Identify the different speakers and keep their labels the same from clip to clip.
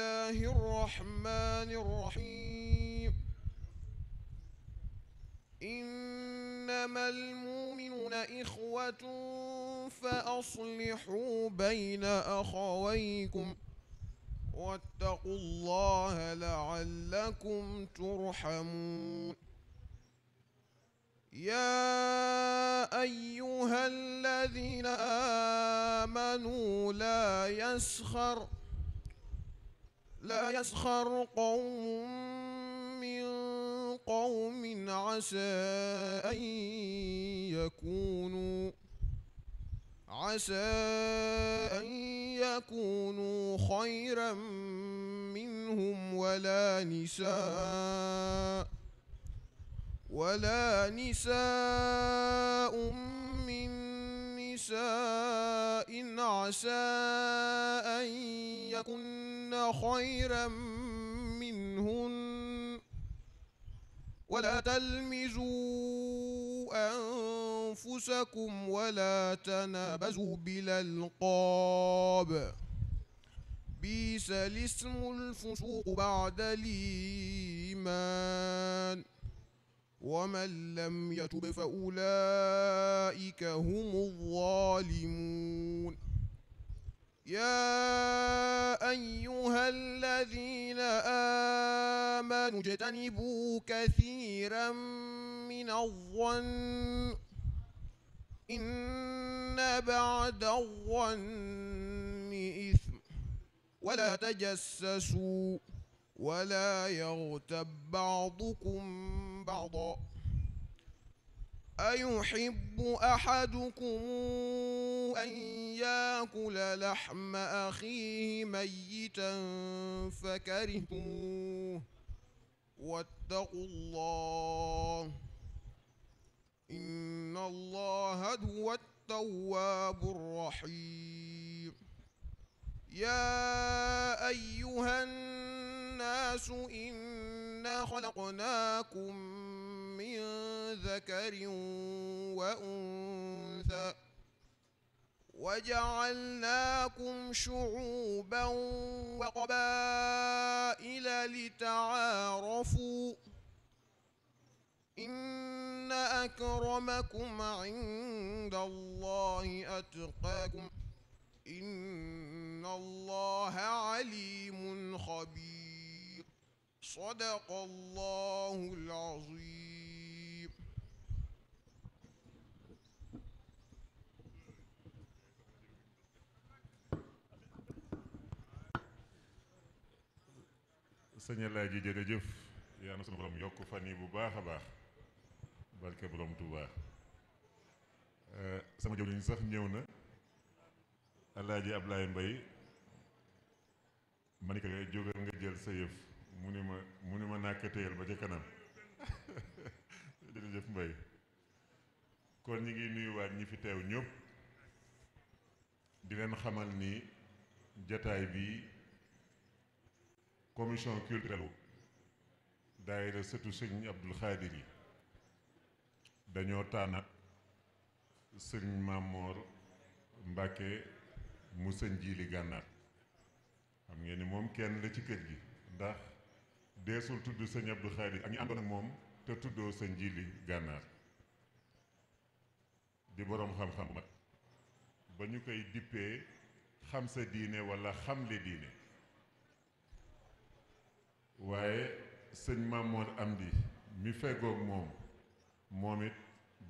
Speaker 1: الله الرحمن الرحيم إنما المؤمنون إخوة فأصلحوا بين أخويكم واتقوا الله لعلكم ترحمون يا أيها الذين آمنوا لا يسخر لا يسخر قوم من قوم عسى أن يكونوا عسى أن يكونوا خيرا منهم ولا نساء ولا نساء من نساء عسى أن يكن خيرا منهن ولا تلمزوا أنفسكم ولا تنابزوا بالألقاب بيس الاسم الفسوق بعد الإيمان ومن لم يتب فأولئك هم الظالمون يا أيها الذين آمنوا اجتنبوا كثيرا من الظن إن بعد الظن إثم ولا تجسسوا ولا يغتب بعضكم بعضا أيحب أحدكم أن يأكل لحم أخيه ميتا فكرهتموه واتقوا الله إن الله هو التواب الرحيم يا أيها الناس إنا خلقناكم من ذكر وأنثى وجعلناكم شعوبا وقبائل لتعارفوا إن أكرمكم عند الله أتقاكم إن الله عليم خبير صدق الله العظيم
Speaker 2: sëñ Alaaji jërëjëf yaa na sunu borom yokk fan yi bu baax a baax barke borom Tuubaa eh, sama jaww ji sax ñëw na Alaaji Ablaye Mbaye ma ni ko eh, jógal nga jël sa yëf mu ni ma mu ni ma nàkk téyal ba ca kanam jërëjëf Mbaye kon ñi ngi nuyuwaat ñi fi teew ñëpp di leen xamal nii jataay bii commission culturelle daayira sëtu sëñ Abdul Xaadir yi dañoo tànnaat sëñ Mamor Mbàkke mu sëñ Jiili Gànnaar xam ngeen ni moom kenn la ci kër gi ndax deesul tudd sëñ Abdul Xaadir ak ñu àndoon ak moom te tuddoo sëñ Jiili Gànnaar di boroom xam-xam ba ñu koy dippee xam sa diine wala xamle diine waaye sëñ Mamour Amdi mi feggoog moom moom it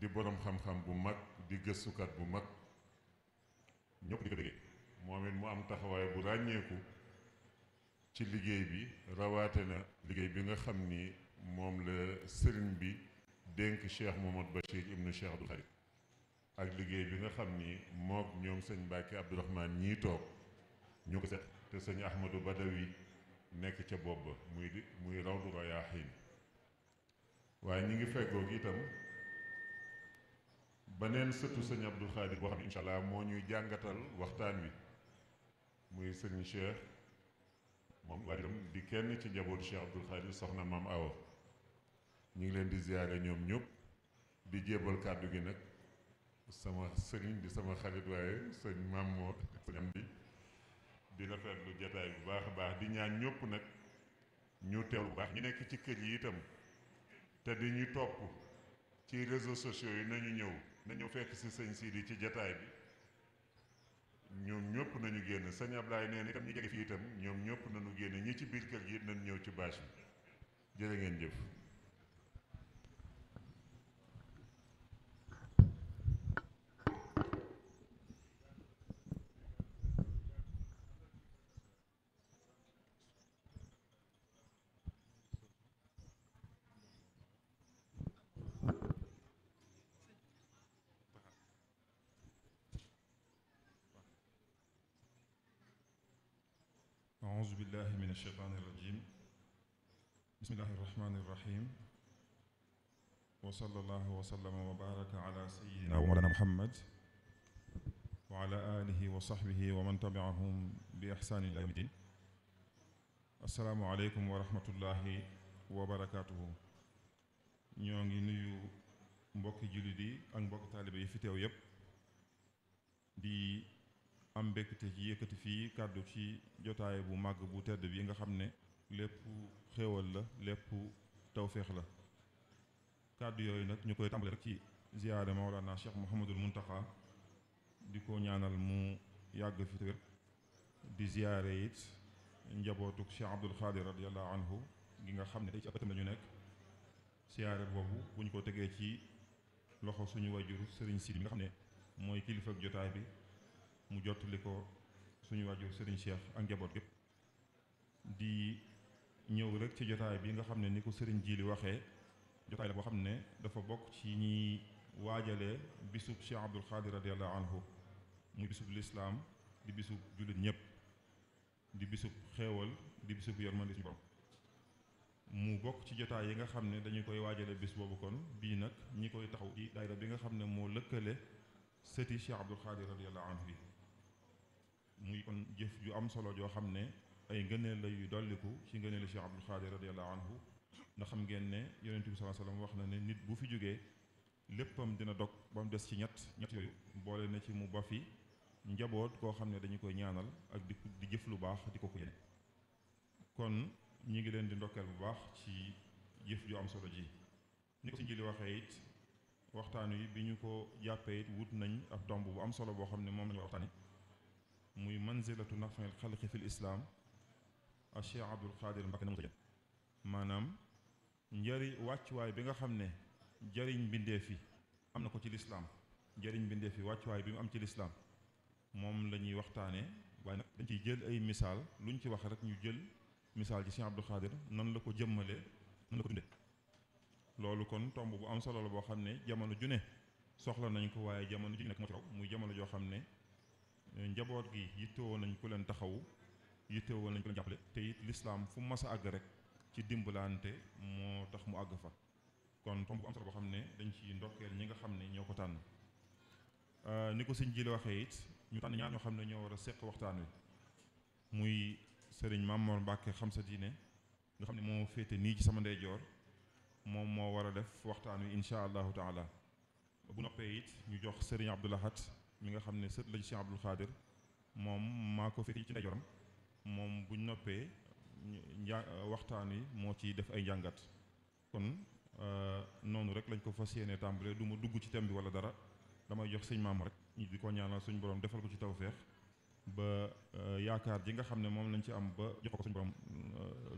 Speaker 2: di borom xam-xam bu mag di gëstukat bu mag ñëpp di ko déggee moom it mu am taxawaay bu ràññeeku ci liggéey bi rawaate na liggéey bi nga xam ni moom la sëriñ bi dénk Cheikh Mohamed Bachir ibnu Cheikh Abdou Khadre ak liggéey bi nga xam ni mook ñoom sëñ Mbàkke Abdourahmane ñii toog ñu ko set te sëñ Ahmadou Badawi nekk ca bopp ba muy di muy rawdu rayaaxiin waaye ñi ngi feggoog itam beneen sëtu sëñ Abdou Khadir boo xam ne allah moo ñuy jàngatal waxtaan wi muy sëñ Cheikh moom itam di kenn ci njabootu Cheikh Abdou Khadir soxna maam Awa ñu ngi leen di ziare ñoom ñëpp di jébbal kàddu gi nag sama sëriñ di sama xarit waaye sëñ maam moo sëñ am di di rafetlu jataay bu baax a baax di ñaan ñëpp nag ñu teew bu baax ñu nekk ci kër yi itam te di ñu topp ci réseaux sociaux yi nañu ñëw nañu fekk si sëñ Sidi ci jataay bi ñoom ñëpp nañu génn sëñ Ablaye nee na itam ñu jege fii itam ñoom ñëpp nañu génn ñi ci biir kër yi nañu ñëw ci bâche bi jërë ngeen jëf
Speaker 3: الشيطان الرجيم بسم الله الرحمن الرحيم وصلى الله وسلم وبارك على سيدنا ومولانا محمد وعلى آله وصحبه ومن تبعهم بإحسان إلى يوم الدين السلام عليكم ورحمة الله وبركاته ñoo نيو مبوك mbokki jullit مبوك ak mbokki taalibe دي am mbégte ci yëkkati fii kàddu ci jotaay bu màgg bu tedd bi nga xam ne lépp xéewal la lépp tawféex la kàddu yooyu nag ñu koy tàmbale rek ci ziyaare Mawlana Cheikh Mouhamadul Mountakha di ko ñaanal mu yàgg fi wér di ziyaare it njabootuk Cheikh Abdoul Khadir radiyallahu anhu gi nga xam ne day ci abatam la ñu nekk ziyaare boobu bu ñu ko tegee ci loxo suñu wajur Serigne Sidi bi nga xam ne mooy kilifa jotaay bi mu jottali ko suñu waajur Serigne Cheikh ak njaboot gépp di ñëw rek ci jotaay bi nga xam ne ni ko Serigne Jili waxee jotaay boo xam ne dafa bokk ci ñi waajale bisub Cheikh Abdoul Khadir radiallahu anhu muy bisub lislaam di bisub jullit ñëpp di bisub xeewal di bisub yërmande suñu mu bokk ci jotaay yi nga xam ne dañu koy waajale bis boobu kon bii nag ñi koy taxaw ci bi nga xam ne moo lëkkale sëti Cheikh Abdoul Khadir radiallahu anhu bi muy kon jëf ju am solo joo xam ne ay ngëneel la yu dolliku ci ngëneelu Cheikh Abdou Khadir radiyallahu anhu na xam ngeen ne yonent bi sallallahu alayhi wasallam wax na ne nit bu fi jógee léppam dina dog ba mu des ci ñett ñett yooyu boole na ci mu ba fi njaboot koo xam ne dañu koy ñaanal ak di di jëf lu baax di ko ko kon ñi ngi leen di ndokkeel bu baax ci jëf ju am solo ji ni ko si waxee it waxtaan wi bi ñu ko jàppee it wut nañ ab tomb bu am solo boo xam ne moom lañu waxtaane muy manzilatu nafil xalqi fil islaam a Cheikh Abdoul Khadir Mbacké na mu tëjee maanaam njëriñ wàccuwaay bi nga xam ne jëriñ mbindeef yi am na ko ci lislaam jëriñ mbindeef yi wàccuwaay bi mu am ci lislaam moom la ñuy waxtaanee waaye nag dañ ciy jël ay misaal lu ñu ci wax rek ñu jël misaal ci Cheikh Abdoul Khadir nan la ko jëmmalee nan la ko dundee loolu kon tomb bu am solo la boo xam ne jamono ju ne soxla nañ ko waaye jamono ju nekk moo ci raw muy jamono joo xam ne njaboot gi yittewoo nañ ko leen taxawu yittewoo nañ ko leen jàppale te it lislaam fu mas a àgg rek ci dimbalante moo tax mu àgg fa kon tomb bu am solo boo xam ne dañ ci ndokkeel ñi nga xam ne ñoo ko tànn euh, ni ko sëñ ji la ñu tànn ñaar xam ne ñoo war a seq waxtaan wi muy sëriñ Mamoor Mbàkke xam sa diine nga xam ne moo féete nii ci sama ndeyjoor moom moo war a def waxtaan wi incha allahu taala bu noppee it ñu jox sëriñ Abdou Lahat mi nga xamne seut la ci Abdul Xaadir moom maa ko firi ci ndeyjooram mom buñ noppee waxtani mo ci def ay jangat kon euh nonu rek lañ ko fassiyene tambalé duma dugg ci tém bi wala dara dama jox seigne mam rek ñu diko ñaanal suñu borom defal ko ci tawfiq ba yaakar ji nga xamne mom lañ ci am ba jox ko suñu borom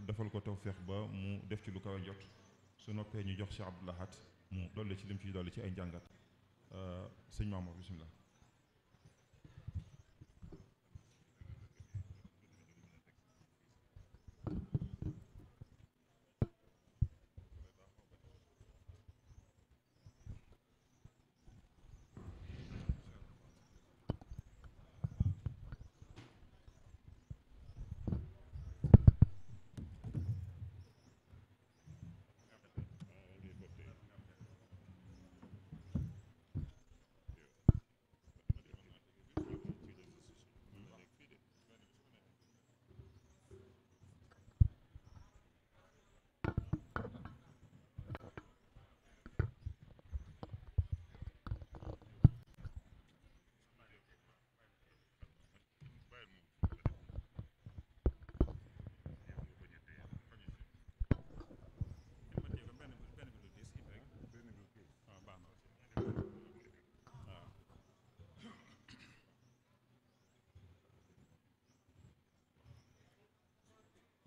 Speaker 3: defal ko tawfiq ba mu def ci lu kawe jot su noppee ñu jox Cheikh Abdoul Ahad mu dolli ci lim ci dolli ci ay jangat njàngat sëñ maam bismillah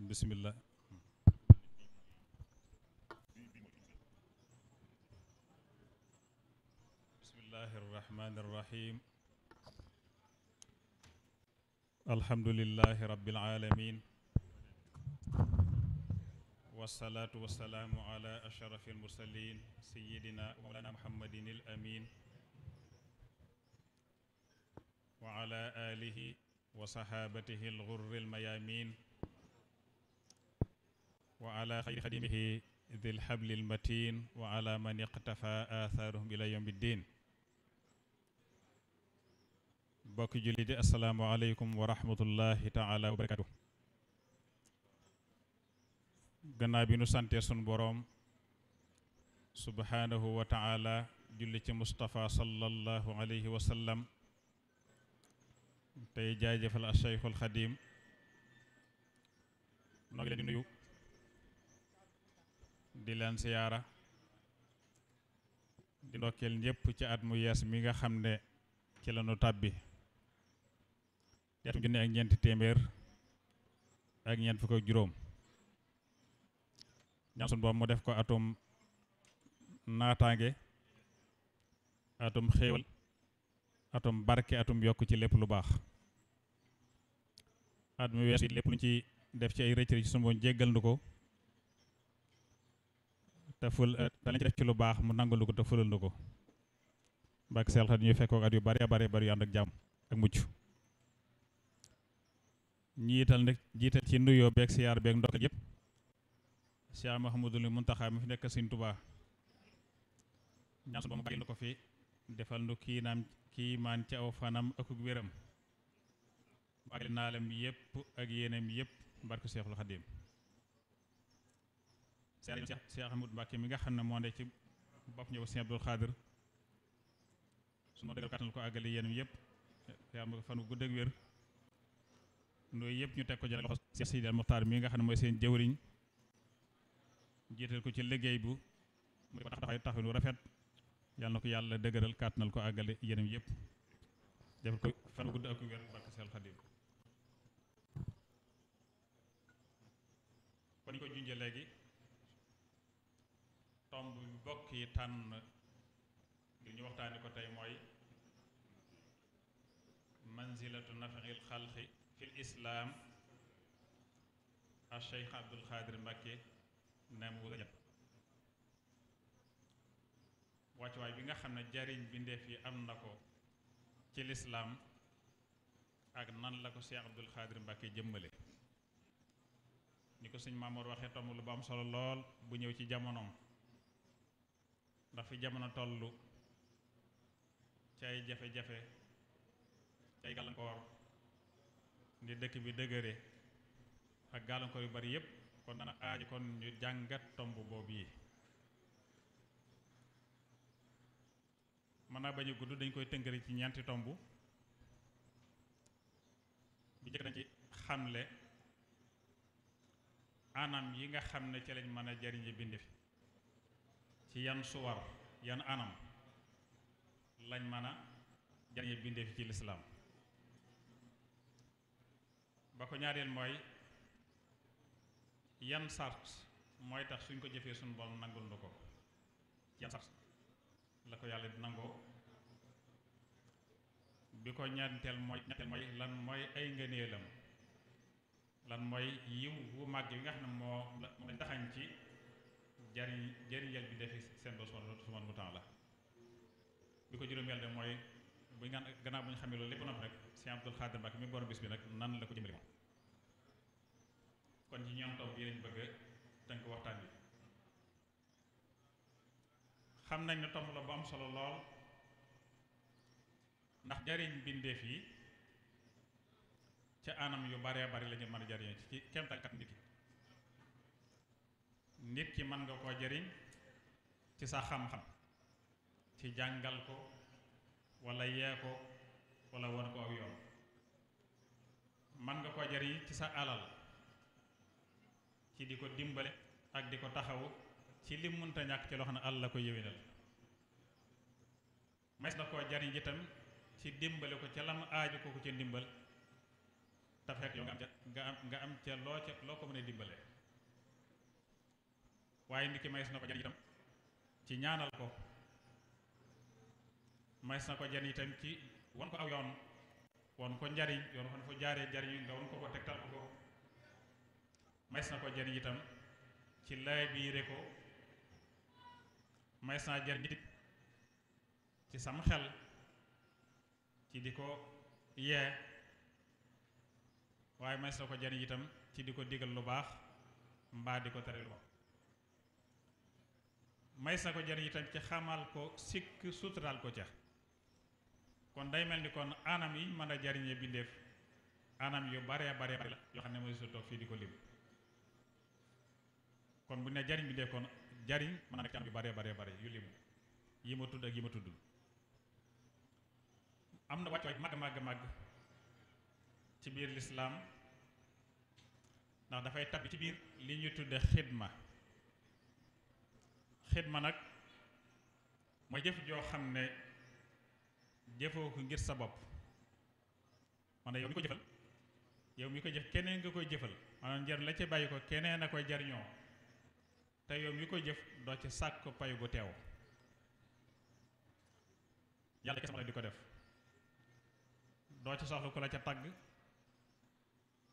Speaker 4: بسم الله بسم الله الرحمن الرحيم الحمد لله رب العالمين والصلاة والسلام على أشرف المرسلين سيدنا مولانا محمد الأمين وعلى آله وصحابته الغر الميامين وعلى خير خديمه ذي الحبل المتين وعلى من اقتفى آثارهم إلى يوم الدين bokk julli di asalaamaaleykum wa rahmatullahi taala wa barakatu gannaaw bi nu santee sun boroom subhaanahu wa taala julli ci Moustapha sallallahu alayhi wa sallam tey jaajëfal a Cheikhul Xadim noo ngi leen di nuyu di len ziyara di ndokkeel ñepp ci at mu yes mi nga xamne ci lañu tabbi di atum ak ñent témèr ak ñent fuko juroom ñam sun bo mu def ko atum natangé atum xéewal atum barke atum yok ci lepp lu baax at mu wees lepp lu ci def ci ay rëcc ci bo jéggal nduko te ful da lañ ci def ci lu baax mu nangul lu ko te fulal lu ko mbak seel xat ñuy fekkoo at yu bari bari bari yu ak jàmm ak mucc ñiital nag jiital ci nuyoo beeg siar beeg ndokkal yëpp Cheikh Mouhamadoul Mountakha mi fi nekk Sëriñ Tuubaa ñaan su ba mu bàyyil ko fi defal nu kii naam kii maan ci aw fanam ak ak serigne cheikh cheikh ahmed mbacke mi nga xamne mo ne ci bop ñew serigne abdul khadir suma deggal katal ko agali yeen yep ya am nu gudd ak wër noy yépp ñu tek ko jël cheikh sidi al mi nga xamne moy seen jëwriñ jital ko ci bu mu tax taxay taxay lu rafet yalla nako yalla deugural katnal ko agal yeenam yep def ko fan gudd ak wër barka sel khadim kon ko junjé légui tomb bi bokk yi tànn ngir ñu waxtaani ko tey mooy manzilatu nafxil xalqi fil islaam al sheikh abdul xaadir mbakke nem wu jàpp wàccuwaay bi nga xam ne jariñ bindeef yi am na ko ci lislaam ak nan la ko sheikh abdul xaadir mbakke jëmmale ni ko sëñ Maamoor waxee tomb lu ba am solo lool bu ñëw ci jamonoom ndax fi jamono toll ci ay jafe-jafe ci ay ni dëkk bi dëgëre ak gàllankoor yu bari yépp kon dana aaji kon ñu jàngat tomb boobu yi mën naa bañ a gudd dañ koy tënkëri ci ñeenti tomb bu jëkk dañ ci xamle anam yi nga xam ne ci lañ mën a jariñe bind fi ci yan suwar yan anam lañ mën a jariñe bindeef ci lislaam ba ko ñaareel mooy yan sart mooy tax suñ ko jëfee suñ borom nangul nu ko yan sart la ko yàlla nangoo bi ko ñeenteel mooy lan mooy ay ngëneelam lan mooy yiw wu màgg yi nga xam ne moo lañ taxañ ci jari jari yàlla bi defi seen bopp subhanahu wa ta'ala bi ko juróom-yàlla de mooy bu ñu naan gannaaw bu ñu xamee loolu lépp rek sëñ Abdul Xaadir Mbàkke mi borom bis bi nag nan la ko jëmale moom kon ci ñoom taw bi lañ bëgg a tënk waxtaan bi xam nañ ne tomb la bu am solo lool ndax jariñ bindeef yi ca anam yu baree bari la ñu mën ci kemtal kat nit nit ki man nga ko jëriñ ci sa xam-xam ci jangal ko wala ye ko wala won ko ak yoon man nga ko jëriñ ci sa alal ci di dimbalé dimbale ak diko ko taxawu ci lim munta ñak ci loxna xam ko yëwénal mas na koo jariñ ci dimbale ko ci lam aaju ko ko ci dimbal ta fek yo nga am ci lo ci lo ko mën dimbalé waye ndiki mayees na ko jariñ itam ci ñaanal ko mayees na ko jariñ itam ci won ko aw yoon won ko njariñ yoon won fo jaare jari ñu won ko ko tektal ko ko mayees na ko jariñ itam ci lay biire ko mayees na nit ci sam xel ci diko ko yee waaye mayees na ko jariñ itam ci diko ko digal lu baax mbaa di ko mays na ko jëriñ itam ci xamal ko sikk suturaal ko ca kon day mel ni kon anam yi mën a jariñe bindeef anam yu bare bare bare la yoo xam ne mooy su toog fii di ko lim kon bu ne jariñ bindeef kon jariñ mën na nekk ci anam yu bare bare bare yu limu yi ma tudd ak yi ma tuddul am na wàccuwaay màgg màgg màgg ci biir lislaam ndax dafay tabbi ci biir li ñuy tudd xidma xidma nag mooy jëf joo xam ne jëfoo ko ngir sa bopp maanaam yow mi ko jëfal yow mi ko jëf keneen nga koy jëfal maanaam la ca bàyyi ko keneen a koy jariñoo te yow mi ko jëf doo ci sàkk payu gu teew yàlla kese ma di ko def doo ci soxla ku la ca tagg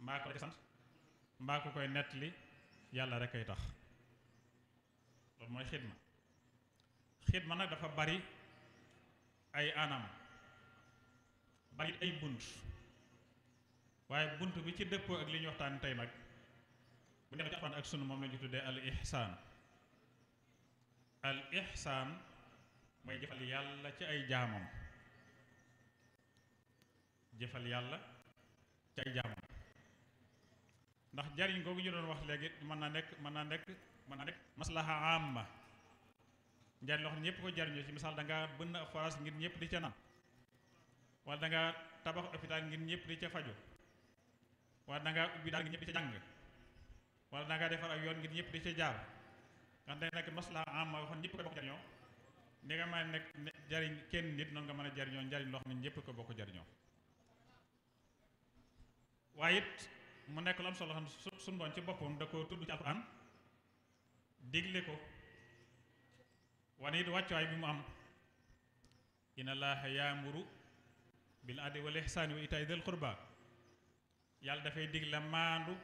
Speaker 4: mbaa ko la ca sant mbaa ko koy nettali yàlla rek ay tax lool moy xidma xidma nak dafa bari ay anam bari ay bunt waye buntu bi ci depp ak li waxtan tay nak bu nekk ci ak sunu mom la ñu tuddee al ihsan al ihsan moy jëfal yalla ci ay jaamam jëfal yalla ci ay jaamam ndax jariñ gogu ñu doon wax léegi man na nek man na nek man a rek maslaha amma njariñ lo xam ñepp ko jarñu ci misal da nga bënn xoras ngir ñepp di ci na wala da nga tabax hôpital ngir ñepp di ci faju wala da nga ubbi dal ngir ñëpp di ca jàng wala da nga defal ak yoon ngir ñepp di ci jaar kan day nekk maslaha amma kan yoo ñepp ko bokk jarño ni nga ma nek jarign kenn nit non nga mëna jarño jariñoo lo loo xam ne ko bokk jarño waaye it mu nek lu am solo xam sun doon ci bopum da ko tuddu ci alquran digle ko wane it wàccuwaay bi mu am inna allaha yaamuru bil adli wal ihsaani wa itaai dil qurba yàlla dafay digle maandu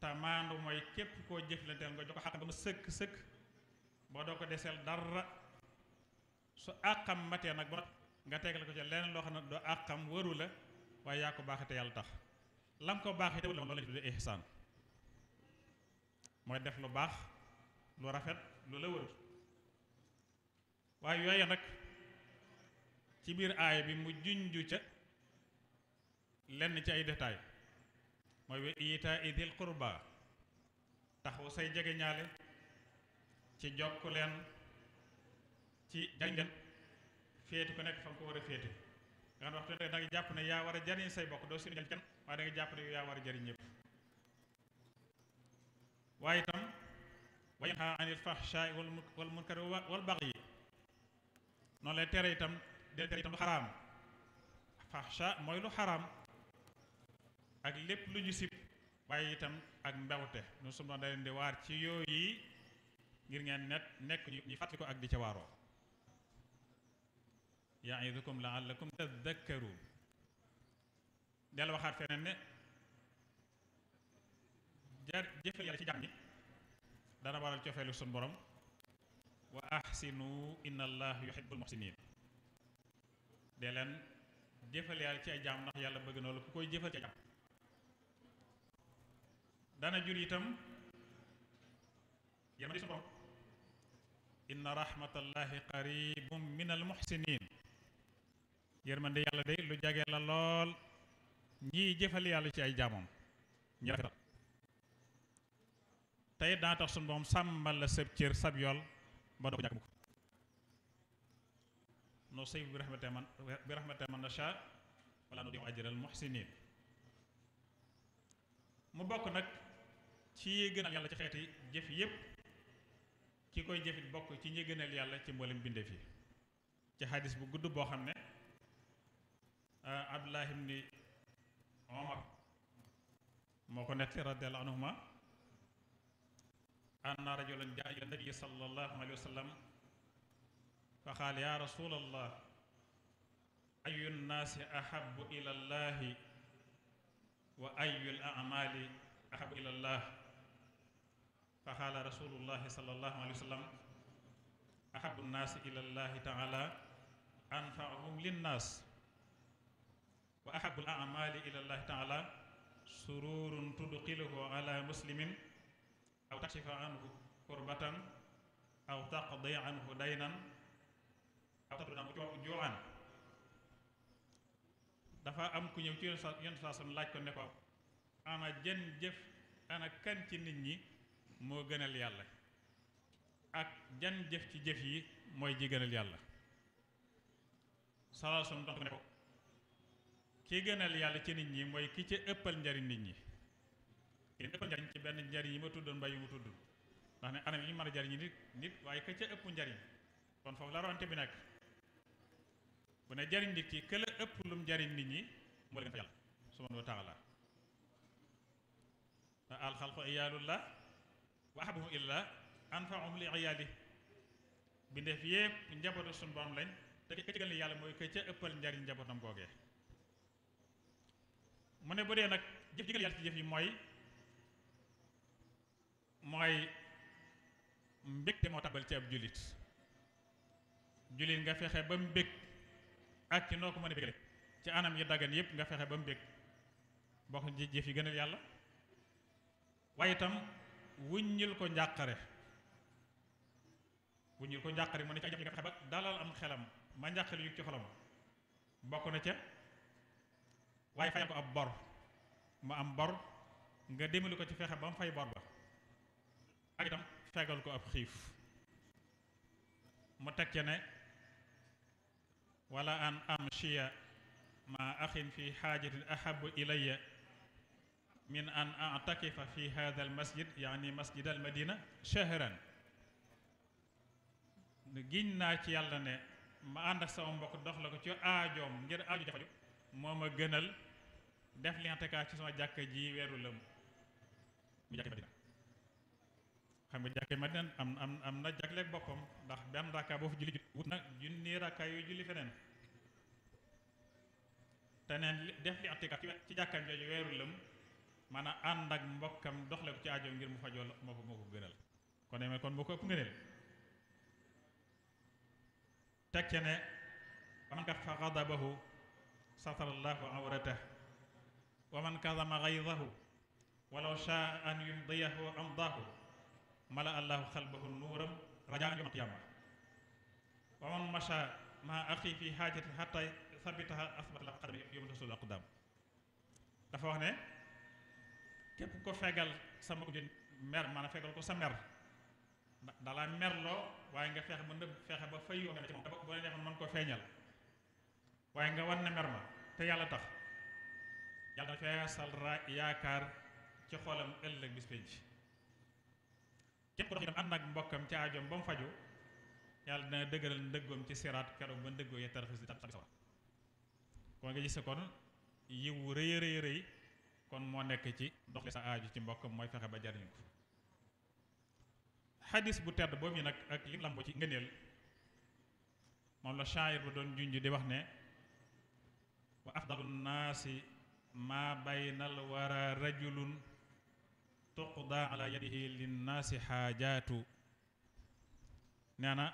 Speaker 4: te maandu mooy képp koo jëflanteel nga jox ko xaqam ba sëkk sëkk boo doo ko deseel dara su àqam matee nag ba nga tegal ko ca leneen loo xam ne doo àqam waru la waaye yaa ko baaxate yàlla tax lam ko baaxate wala loolu la tuddee ihsaan mooy def lu baax lu rafet lu la wër waaye yooyu nag ci biir aay bi mu junju ca lenn ci ay détail mooy wa itaa idil qurba taxaw say jege ñaale ci jokk leen ci jàngal féeti ku nekk fa ko war a féeti nga xam waxtu ne da jàpp na yaa war a jariñ say bokk doo si jël kenn waaye da nga jàpp ne yaa war a jariñ ñëpp وايتم وينهى عن الفحشاء والمنكر والبغي نولا تريتم دل تريتم حرام فحشاء مويلو حرام اك لب لجسيب وايتم اك مبوته نسمنا دلين دوار تيو يي غير نيان نت نك يفاتلكو اك ديشوارو يعيذكم لعلكم تذكرون دل وخار فنن jar jëfal yàlla ci jàmm ñi dana waral cofeelu suñu borom wa ahsinu inna allah yuhibbul muhsinin de leen jëfal yàlla ci ay jaam ndax yàlla na lu ku koy jëfal ci ay jaam dana jur itam yërmande di borom inna rahmatallahi qaribum minal muhsinin yërmande yàlla de lu jage la lool ñii jëfal yàlla ci ay jaamam ñi rafetal tey da tax sun boom sambal la sepp cër sab yol ba do ko jàkk no bi rahmatay man bi rahmatay man nasha wala no di ajral muhsinin mu bok nak ci yi yalla ci xeeti jëf yépp ki koy jëfit bok ci ñi yalla ci mbolim bindeef fi ci hadith bu gudd bo xam abdullah ibn omar moko netti radhiyallahu anhu أن رجلا جاء إلى النبي صلى الله عليه وسلم فقال يا رسول الله أي الناس أحب إلى الله وأي الأعمال أحب إلى الله فقال رسول الله صلى الله عليه وسلم أحب الناس إلى الله تعالى أنفعهم للناس وأحب الأعمال إلى الله تعالى سرور تدخله على مسلم aw takshifa anhu kurbatan aw taqdi anhu daynan aw tatrud anhu juu'an dafa am ku ñëw ci yoon saa sam laaj ko ne ko ana jën jëf ana kan ci nit ñi moo gënal yàlla ak jan jëf ci jëf yi mooy ji gënal yàlla salaasum tontu ne ko ki gënal yàlla ci nit ñi mooy ki ci ëppal njariñ nit ñi te ëpp njariñ ci benn njariñ yi ma tuddoon mbay yi mu tudd ndax ne anam yi mën jariñ nit nit waaye ka ca ëpp njariñ kon foofu la ronte bi nekk bu ne jariñ nit ki ke ëpp lum jariñ nit ñi moo la fa yàlla subhanahu wa taala te alxalqu iyaalullah wa ahbuhum illa anfaahum li iyaali bindeef borom lañ te ci gën li njariñ jëf gën ci jëf yi mooy mbégte moo tabal ci ab jullit jullit nga fexe ba mu bég ak ci noo ko mën a bégale ci anam yi dagan yëpp nga fexe ba mu bég bokk ci jëf yi gënal yàlla waaye itam wuññil ko njàqare wuññil ko njàqare mu ne ci ay yi nga fexe ba dalal am xelam ma njàqale yu ci xolam bokk na ca waaye fayal ko ab bor ma am bor nga demali ko ci fexe ba mu fay bor ba ak itam fegal ko ab xiif mu teg ca ne wala an amshiya ma axin fi xaajatin ahabu ilayya min an atakifa fi hada al masjid yaani masjid al madina shahran giñ naa ci yàlla ne ma ànd ak sama mbokk dox la ko ci aajoom ngir aajo jafaju moo ma gënal def li ci sama jàkk ji weeru lëm mu jàkk madina xam nga jàkkee Madina am am am na jagleeg boppam ndax benn rakka boo fi julli wut na junni rakka yooyu julli feneen te neen def li atikaaf ci jàkkaam jooju weeru lëm man a ànd ak mbokkam doxle ko ci aajo ngir mu fajoo moo moo ko gënal kon demee kon moo ko ëpp ngëneel teg ca ne waman kat fa xadabahu satarallahu awratah waman kadama gaydahu walaw shaa an yumdiyahu amdahu mala allahu xalbahu nuuram rajaan yawmal qiyaama wa man masha ma axi fi xaajati xatta sabitaha asbat la qadami yawma tasul aqdam dafa wax ne képp ko fegal sama mbokk ju mer maanaam fegal ko sa mer dalaa merloo waaye nga fexe ba nëbb fexe ba fay yoon ci moom boo leen mën koo feeñal waaye nga wan ne mer ma te yàlla tax yàlla feesal ra yaakaar ci xoolam ëllëg bis képp ku dox itam ànd ak mbokkam ci aajoom ba mu faju yàlla dina dëgëral ndëggoom ci siraat keroog ba ndëggoo ya tarxis di tabi sawar kon nga gis kon kon moo nekk ci doxle sa aaju ci mbokkam mooy fexe ba jariñ ko xadis bu tedd boobu nag ak li lambo ci ngëneel moom la shaayir ba doon junj di wax ne wa afdalu naasi ma baynal wara rajulun tuqda ala yadihi lin nasi hajatu na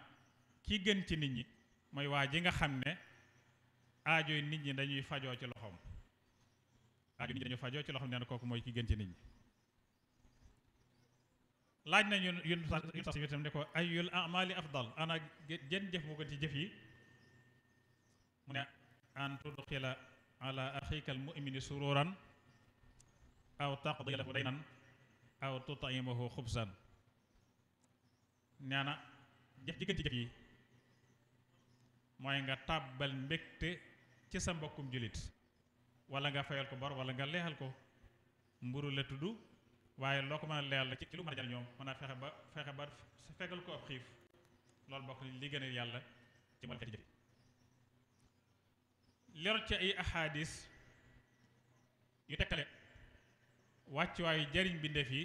Speaker 4: ki gën ci nit ñi moy waaji nga xamne aajo nit ñi dañuy fajo ci loxom aajo nit ñi dañuy fajo ci loxom koku moy ki gën ci nit ñi laaj na ñun yun sas ci tam ne ko ayul amali afdal ana jën jëf bu ko ci jëf yi mu ne an tudxila ala axika almumini sururan aw taqdi lahu daynan aw to khubsan khubzan nana jëf ji gën ci jëf yi moy nga tabal mbekté ci sa mbokum julit wala nga fayal ko bor wala nga lehal ko mburu la tuddu waye loko ko mën la ci lu mën a ñom ba fegal ko xif lol bokk li gën yalla ci mo jëf ci ay ahadis yu tekkale wàccuwaayu jariñ mbindéef yi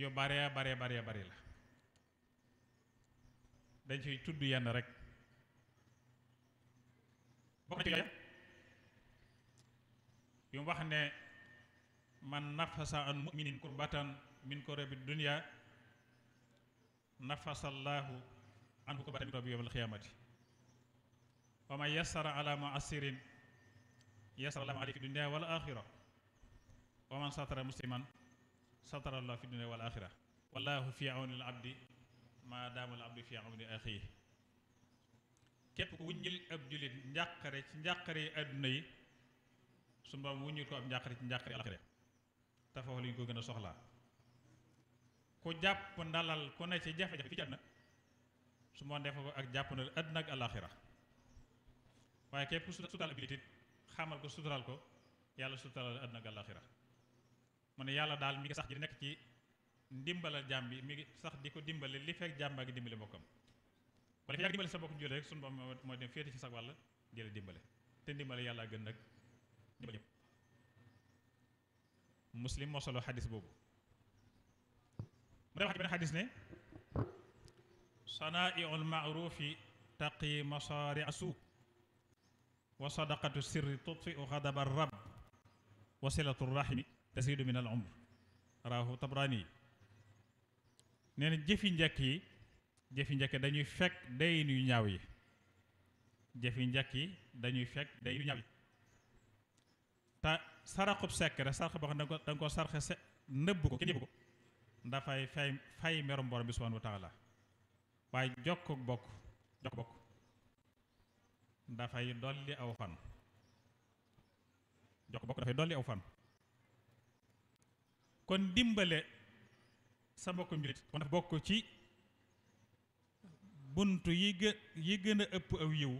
Speaker 4: yu bare bare bare bari la dañ ciy tudd yenn rek bokk na ci yu mu wax ne man nafasa an muminin kurbatan min kurabi dunya nafasa allahu anhu kurbatan min kurabi yawmal xiyaamati waman satara musliman satara allah fi dunya wal akhirah wallahu fi auni al abdi ma damu al abdi fi auni akhi kep ku wunjil ab julit njaqare ci njaqare aduna yi su mbaam ko ab njaqare ci njàqare alaxire te foofu lañ ko gëna soxla soxlaa ku jàpp ndalal ku ne ci jafe-jafe fi ci àdduna su mbaam def ko ak japp na ak sutal ab xamal ko sutural ko yalla sutural àdduna ak akhirah mu ne yàlla daal mi ngi sax di nekk ci ndimbalal jàmm bi mi ngi sax di ko dimbale li fekk jàmm baa ngi dimbale bokkam wala fi yaa ngi dimbale sa bokk jullit rek sunu borom mooy dem sa wàll di la dimbale te ndimbale yàlla gën nag muslim moo solo boobu mu def wax ci benn ne sanaa'iul ma'ruufi taqi masaari'a suu wa sadaqatu sirri tutfi'u xadaba rab wa silatu rahimi tasiidu min al umr rawahu tabrani neena jeffi jëfi jeffi yi dañuy fek day ñu ñaaw yi jeffi njëkk dañuy fek day ñu ñaaw ta te sek ra sarax boo xam da nga ko sarxe se nëbb ko kene bu ko nda fay fay merum borom bi subhanahu wa taala way jokk bok jokk nda fay doli aw fan jokk da fay doli aw fan kon dimbale sa mbokkum jullit kon dafa bokk ci bunt yi gë yi gën a ëpp aw yiw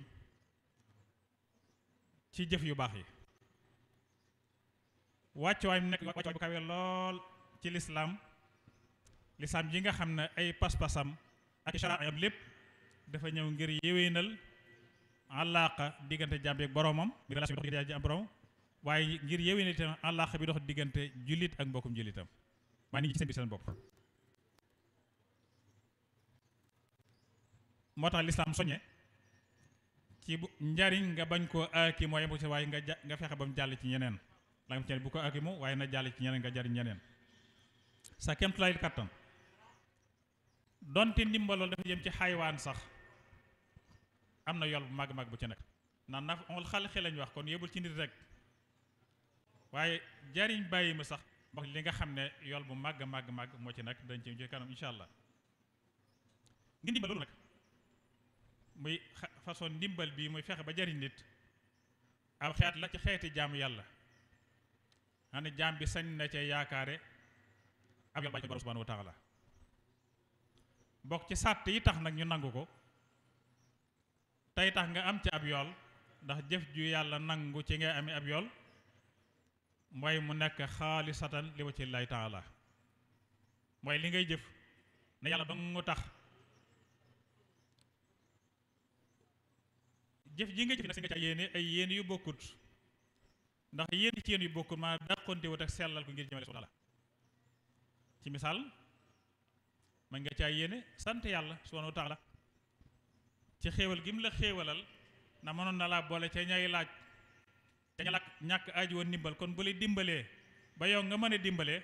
Speaker 4: ci jëf yu baax yi wàcc mu nekk wàccuwaay bu kawe lool ci lislaam lislaam yi nga xam ne ay pas-pasam ak sharaayam lépp dafa ñëw ngir yéwénal àllaaqa diggante jaam bi ak boromam bi relation bi dox diggante jaam bi waaye ngir yeewee ne itam àllaax bi dox diggante jullit ak mbokkum jullitam maa ngi ci seen bi seen bopp. moo tax lislaam soñe ci bu njariñ nga bañ koo aakimoo yem si waaye nga ja nga fexe ba mu jàll ci ñeneen la nga bu ko aakimoo waaye na jàll ci ñeneen nga jariñ ñeneen sa kemtulaay kattan donte ndimbalool dafa jëm ci xaywaan sax am na yol bu mag mag bu ci nekk naan na xal xel lañ wax kon yebul ci nit rek. waye jariñ bayi ma sax mbokk li nga xamne ne bu mag mag mag mo ci nak dañ ci kanam inshallah allah ngi dimbal nak muy façon dimbal bi muy fexe ba jariñ nit am xeet la ci xeeti jaamu yalla ana jam jaam bi sañ na ci yaakaare ak yalla bàyyi subhanahu wa taala bok ci sat yi tax nak ñu nangu ko tax nga am ci ab yol ndax jëf ju yalla nangu ci nga am ab yol mooy mu nekk xaalisatan li wacci lay taala mooy li ngay jëf na yàlla dong tax jëf ji nga jëf nag si nga ca yéene ay yéen yu bokkut ndax yéen ci yéen yu bokkut maa dàqonte wut ak sellal ko ngir jëmale su taala ci misaal man nga caa yéene sant yàlla subhanahu wa taala ci xéewal gi mu la xéewalal na ma na laa boole ca ñay laaj te nga lakk ñàkk aaju woon ndimbal kon bu la dimbalee ba yow nga mën a dimbalee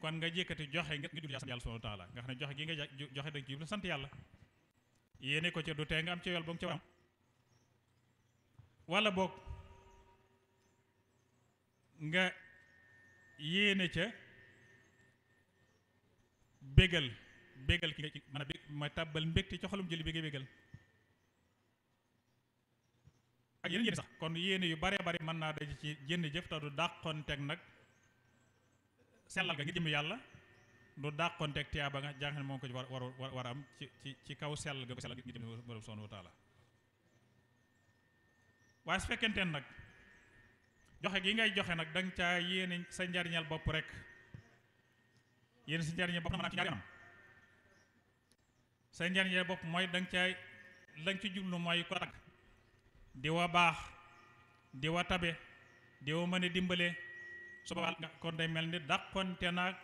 Speaker 4: kon nga jékkati joxe nga jublu sant yàlla nga xam ne joxe gi nga joxe da nga jublu sant yàlla yéene ko ca du tee nga am ca yool ba nga ca am wala boog nga yéene ca bégal bégal ki nga ci mën a ma tàbbal mbégte ci xolum julli bi nga bégal ak yeneen yéene sax kon yéene yu bare bari mën naa daj ci jënn jëf te du dàqonteeg nag sellal ga ngir jëm yàlla du dàqonteeg tiyaaba nga jàng ne moom ko ci war war war am ci ci kaw sell ga ko sellal ngir jëm borom subhanahu wa taala nag joxe gi ngay joxe nag danga caa yéene sa njariñal bopp rek yéene sa njariñal bopp na ci ñaari anam sa njariñal bopp mooy danga caa lañ ci jublu mooy ko tagg di wa diwa di wa tabe di wa mën nga kon day melni ni nak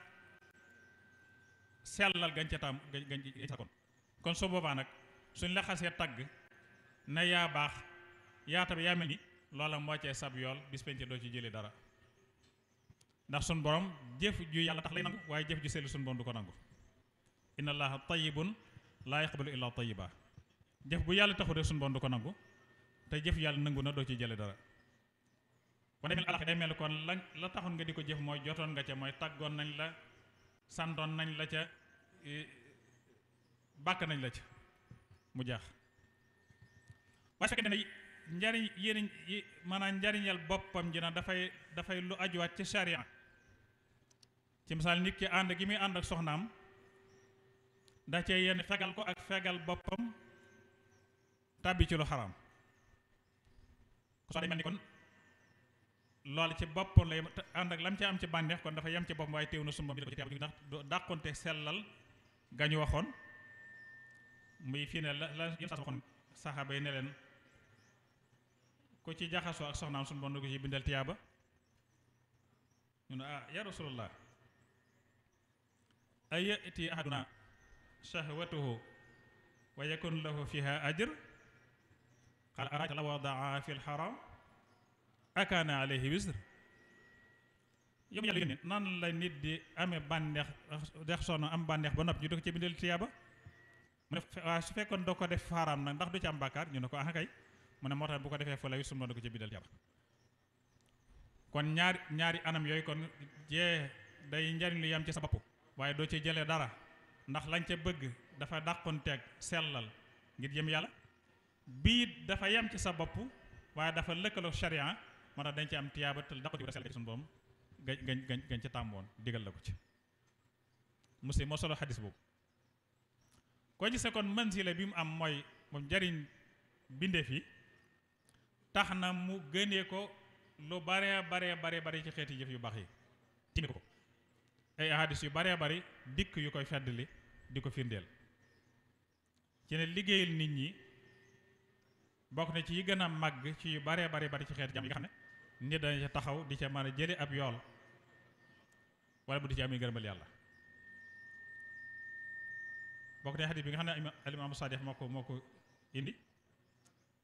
Speaker 4: selal gën ci tam gën ci kon kon su boobaa nag suñ la xasse tag na ya bax ya tabe ya melni lola mo ci sab yol bis ci jëli dara ndax sun borom jëf ju yalla tax lay nang waye jëf ju sel sun borom du ko nang inna allaha tayyibun la yaqbalu illa tayyiba jëf bu yalla taxu rek sun borom du ko nang te jëf yàlla nangu na doo ci jële dara ko demee alax day mel kon la la taxon nga di ko jëf mooy jotoon nga ca mooy tàggoon nañ la santoon nañ la ca eh, bàkk nañ la ca mu jaax waaye su fekkee ne njariñ yéen maanaam njariñal boppam ji na dafay dafay lu ajuwaat ci charia ci misaal nit ki ànd gi muy ànd ak soxnaam da cee yenn fegal ko ak fegal boppam tabbi ci lu haram soo day mel kon loolu ci boppam lay ànd ak lam ci am ci bànneex kon dafa yem ci boppam waaye teew na sumbam bi da ko ci ndax dàqonte sellal gañu waxoon muy fii ne la la yéen waxoon ku ci jaxasoo ak soxnaam suñu bon ko ci bindal tiyaaba ñu ne ah ya rasulallah ay yati ahaduna shahwatuhu wa yakun lahu fiha ajr قال أراك لو وضعها في الحرام أكان عليه وزر yow yàlla yónni nan la nit di amee bànneex dex sonn am bànneex ba noppi ñu di ko ci bindal tiyaaba mu ne waaye su fekkoon doo ko def xaaraam nag ndax du ci am bàkkaar ñu ne ko ah mu ne moo bu ko defee fële sum doon ko ci bindal tiyaaba kon ñaari ñaari yooyu kon jee day njariñ lu yam ci sa bopp waaye doo ci jëlee dara ndax lañ ca bëgg dafa dàqoon teeg sellal ngir jëm yàlla bii dafa yem ci sa bopp waaye dafa lëkkaloo sharia moo tax dañ ci am tiyaaba te daqo ci suñu boom gañ gañ gañ ci tàmboon digal la ko ci muslim moo solo xadis boobu koo gisee kon mansila bi mu am mooy moom njariñ bindeef yi tax na mu gënee ko lu baree baree baree bari ci xeeti jëf yu baax yi timi ko ay ahadis yu baree bari dikk yu koy feddali di ko firndeel ci ne liggéeyal nit ñi bokk na ci yi gën ci yu baree bari bari ci xeet jàmm yi nga dana ca taxaw di ca mën a jële ab yool wala bu di ci am ngërëmal yàlla bokk na xadis bi nga xam ne alimaamu Saadix moo ko moo ko indi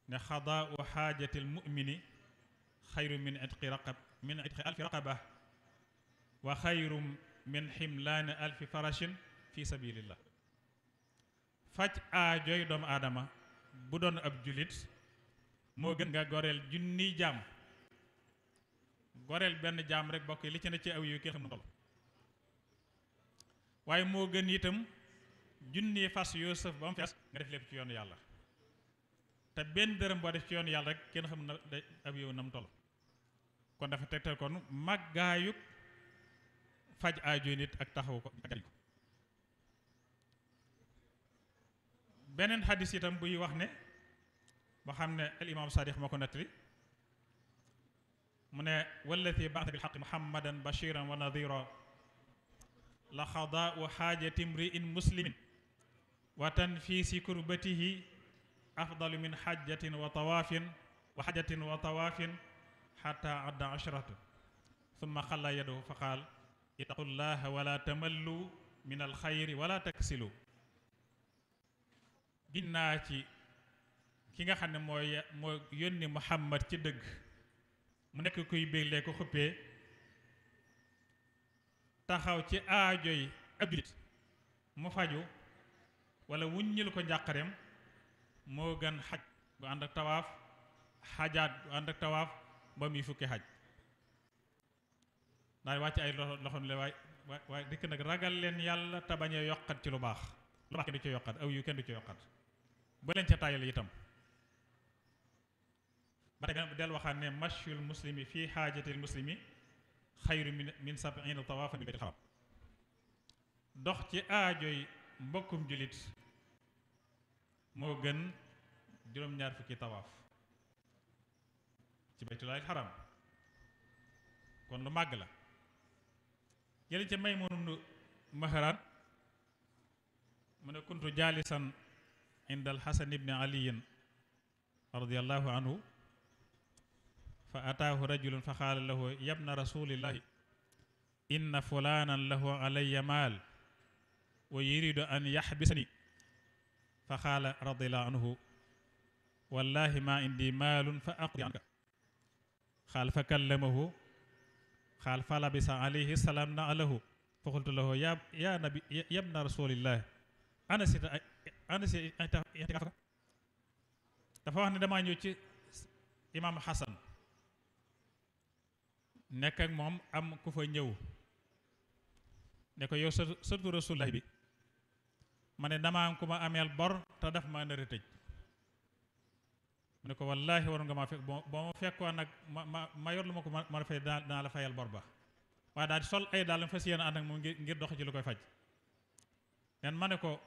Speaker 4: ne xadaa u xaajatil mumini xayru min ximlaani alfi farashin fi sabilillah faj aajoy doomu aadama bu doon ab julit moo gën nga goreel junniy jaam goreel benn jaam rek bokk li ci ne ci aw yu kenn na toll waaye moo gën itam junniy fas yoo sëf ba fees nga def lépp ci yoonu yàlla te benn dërëm boo def ci yoon yàlla rek kenn xam na da ab yow nam toll kon dafa tegtal kon màggaayug faj aajo nit ak taxaw ko beneen xadis itam buy wax ne وحمنا الإمام صادق ما كنا تري من والذي بعث بالحق محمدا بشيرا ونذيرا لخضاء حاجة امرئ مسلم وتنفيس كربته أفضل من حجة وطواف وحجة وطواف حتى عد عشرة ثم خلى يده فقال اتقوا الله ولا تملوا من الخير ولا تكسلوا جناتي ki nga xam ne moo moo yónni Muhammad ci dëgg mu nekk kuy béglee ko xuppee taxaw ci aajoy ab jullit mu faju wala wuññil ko njàqareem moo gën xaj gu ànd ak tawaaf xajaat gu ànd ak tawaaf ba muy fukki xaj ndax wàcc ay loxo loxo le waay waaye dikk nag ragal leen yàlla te bañ a yokkat ci lu baax lu baax kenn du ci yokkat aw kenn ci yokkat bu leen ca tàyyal itam ba tey beneen del waxaat ne mashul muslimi fii xaajatil muslimi xayru min min sabina tawaafan bi xaram dox ci aajoy mbokkum jullit moo gën juróom ci baytulaay xaram kon lu màgg la jëli ca may moonu maharaan mu ne kuntu jaalisan inda alxasan ibni aliyin radiallahu anhu fa ataahu rajulun fa qaala lahu yabna rasulillahi inna fulanan lahu alayya maal wa yuridu an yaxbisani fa qaala radiallahu anhu wallahi ma indi maalun fa aqdi anka qaal fa kallamahu qaal fa labisa alayhi salaam na alahu fa qultu lahu ya ya nabi yabna rasulillahi ana si ana si dafa wax ne damaa ñëw ci imam Hasan nekk ak moom am ku fa ñëw ne ko yow sa sëtu bi ma ne dama am ku ma ameel bor te daf maa nar tëj mu ne ko wallaahi war nga maa fekk boo ma fekkoon nag ma ma ma yor lu ma ko ma fay dinaa la fayal bor ba waaye daal sol ay daal fas yéene ànd ak moom ngir dox ci lu koy faj nen ma ne ko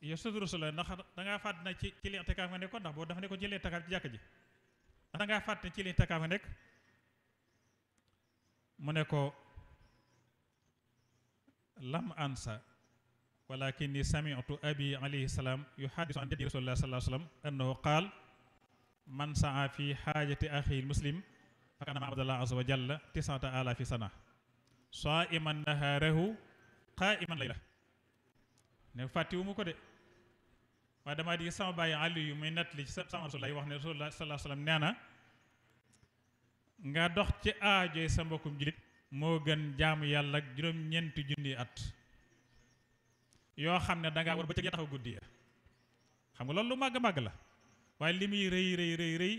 Speaker 4: yow sëtu Rasulaay ndax dangaa fàtt na ci ci li itikaaf nga nekkoon ndax boo dafa ne ko ci li itikaaf jàkk dangaa fàtt ci li nga nekk mu ne ko lam ansa walakinni sami'tu abi alayhi salaam yuhaddisu an jaddi rasulillah sallallahu alayhi wasallam annahu qaal man saa fi hajati axi muslim fa kana ma abdallah azza wa jalla tisata alafi sana saiman nahaarahu qaiman layla ne fàttiwu mu ko de waaye damaa di sama bàyyi àlli yu muy nett li ci sama rasulillah wax ne rasulillah sallallahu alayhi wasallam nee na nga dox ci aajoy sa mbokkum jullit moo gën jaamu yàlla ak juróom-ñeenti junni at yoo xam ne danga war bëccëg ya taxaw guddi ya xam nga lool lu màgg màgg la waaye li muy rëy rëy rëy rëy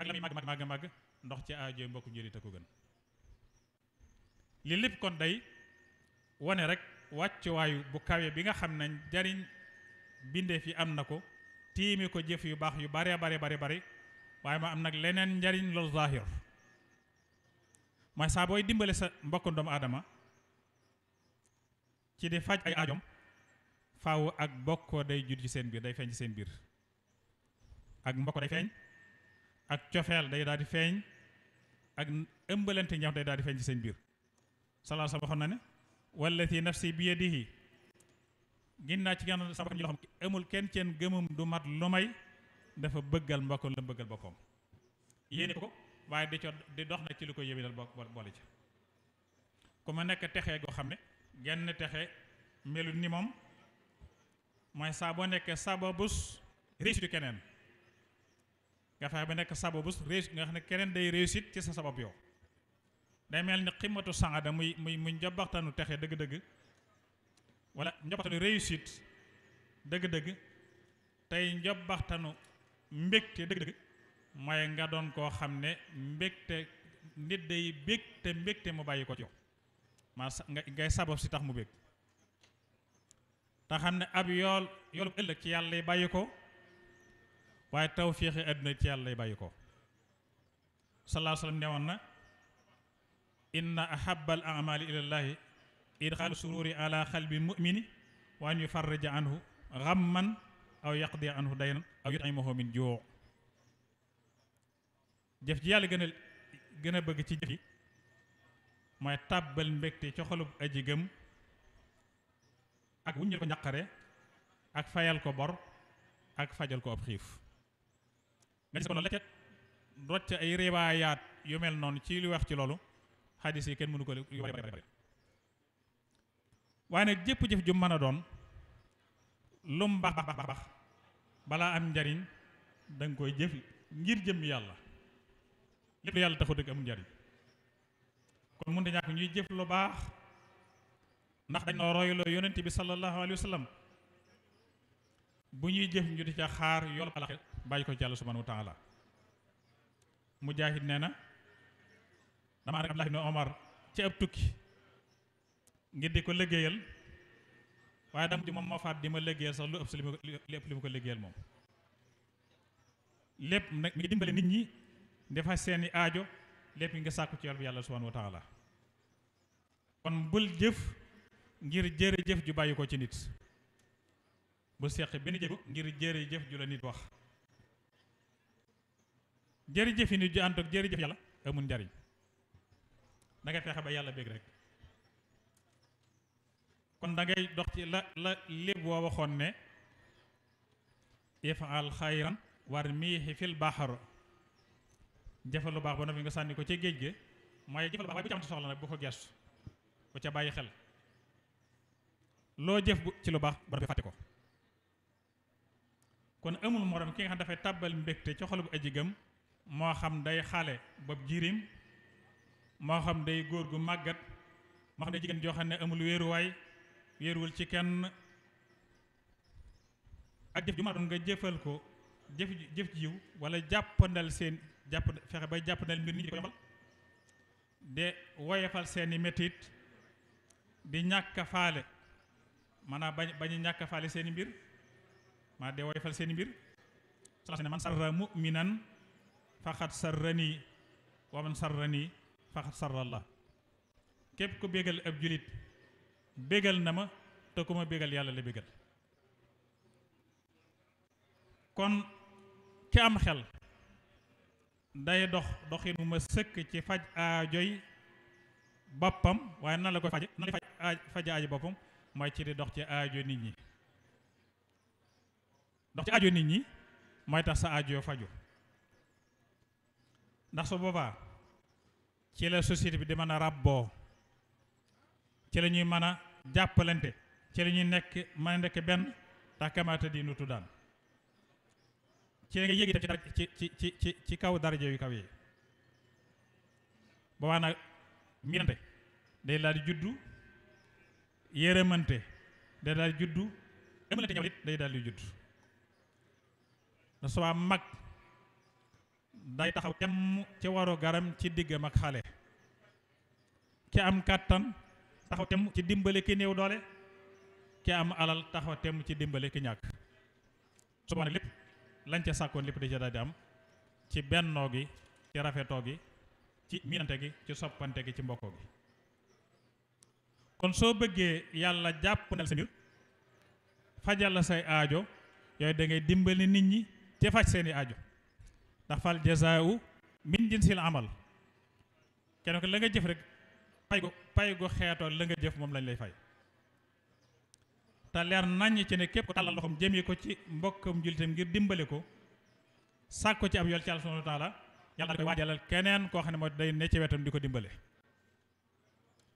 Speaker 4: ak la muy màgg màgg màgg ndox ci aajoy mbokkum jullit a ko gën li lépp kon day wane rek wàccuwaayu bu kawe bi nga xam ne jariñ bindeef yi am na ko tiimi ko jëf yu baax yu bare bare bare bare waaye ma am nag leneen njariñ loolu zaahir mooy saa booy dimbale sa mbokk doomu aadama ci di faj ay ajom faaw ak bokkoo day jur ci seen biir day feeñ ci seen biir ak mbokk day feeñ ak cofeel day daal di feeñ ak ëmbalante ñax day daal di feeñ ci seen biir salaal sa waxoon na ne wallati nafsi bi yadihi ginnaaw ci gan sa bakkan yoo amul kenn ceen gëmum du mat lu may dafa bëggal mbokk la bëggal boppam ko waaye di co di dox na ci lu ko yëwénal boole ci ku ma nekk texee goo xam ne genn texe melu ni moom mooy saa boo nekkee sababus réussite keneen nga fexe ba nekk sababus réussite nga xam ne keneen day réussite ci sa sabab yow day mel ni ximatu sangada muy muy mu njabaxtanu texe dëgg-dëgg wala njabaxtanu réussite dëgg-dëgg tey njabaxtanu mbégte dëgg-dëgg mooy nga doon koo xam ne mbégte nit day bég te mbégte mu bàyyi ko ci maa ngay sabab si tax mu bég te xam ne ab yool yoolu ëllëg ci yàlla lay bàyyi ko waaye tawféexi àdduna ci yàlla lay bàyyi ko sallallahu alayhi wa sallam newoon na inna ahabal amali ilallaahi idxaalu sururi ala xalbi mumini wa an yufarrija aw yaqdi anhu daynan aw yut'imuhu jëf ji yàlla gën gën a bëgg ci jëf yi mooy tàbbal mbégte ci xolub aji gëm ak wuññal ko njaqare ak fayal ko bor ak fajal ko ab xiif nga gis ko noonu la ca rocc ay ribaayaat yu mel noonu ci li wax ci loolu xadis yi kenn mënu ko yu bari bari waaye jëpp jëf ju mën a doon lum baax baax balaa am njariñ danga koy jëf ngir jëm yàlla lépp yalla taxu dëgg amul njariñ kon mënta ñàkk ñuy jëf lu baax ndax dañ roy lo yonent bi sallallahu alaihi wasallam bu ñuy jëf ñu di ca xaar yool alaxe bay ko ci subhanahu wa taala mujahid neena dama rek Abdullah ibn Omar ci ab tukki ngir di ko liggéeyal waye dam ji mom moo faat di ma liggéeyal sax lu ëpp si li ma ko li ëpp li ma ko liggéeyal moom lépp nag mi dimbali nit ñi defa seni aajo lepp nga sakku ci yalla yalla subhanahu wa taala kon bul jëf ngir jëf ju bayiko ci nit bu sekk benn jëf ngir jëf ju la nit wax jërëjëf jëf ni ju antok jëf yalla da nga fexé ba yalla rek kon da ngay dox ci la la lepp woo waxone ifal Khairan warmihi war fil bahar jëfal lu baax ba noppi nga sànni ko ca géej ge mooy jëfal lu baax waaye bu ci amati soxla nag bu ko gestu bu ca bàyyi xel loo jëf bu ci lu baax ba noppi fàtte ko kon amul morom ki nga xam dafay tàbbal mbégte ci xol bu aji gëm moo xam day xale bopp jirim moo xam day góor gu màggat moo xam day jigéen joo xam ne amul wéeruwaay wéeruwul ci kenn ak jëf ju ma doon nga jëfal ko jëf jëf jiw wala jàppandal seen jàpp fexe bay jàppandal mbir nit ñi ko de woyefal seeni métit di ñàkk a mana maanaam bañ bañu ñàkk a faale seeni mbir maa de woyefal seeni mbir salaas ne man sarra muminan faxat sarrani wa man sarrani faxat sarrallah kep ku bégal ab julit bégal na ma te ku ma bégal kon ki am xel day dox doxin mu ma sëkk ci faj aajoy boppam waaye nan la koy faje nan faj faje boppam mooy ci di dox ci aajo nit ñi dox ci aajo nit ñi mooy tax sa aajo faju ndax su boobaa ci la société bi di mën a ràbboo ci la ñuy mën a jàppalante ci la ñuy nekk mën a nekk benn tax kamaata di nutu daan ci nga yegi itam ci ci ci ci ci kaw daraje wi kaw yi boobaa nag mirante day la di juddu yërëmante day la di juddu ëmalante ñaw nit day dal di juddu na sama mag day taxaw tem ci waro garam ci digge mak xale ki am katan taxaw tem ci dimbale ki neew doole ki am alal taxaw tem ci dimbale ki ñak lañ ca sàkkoon lépp di ca daal am ci bennoo gi ci rafetoo gi ci miinante gi ci soppante gi ci mbokkoo gi kon soo bëggee yàlla jàpp na sa mbir fajal la say aajo yooyu dangay dimbali nit ñi ci seeni aajo ndax fal jazaa'u min jinsil amal kenn ko la nga jëf rek pay gu pay gu xeetoo la nga jëf moom lañ lay fay te leer naññ ci ne képp ko tàllal loxoom jëmee ko ci mbokkam jullitam ngir dimbale ko sàkk ko ci ab yool ci yàlla subhanahu wa taala yàlla da keneen koo xam ne moo day ne ci wetam di ko dimbale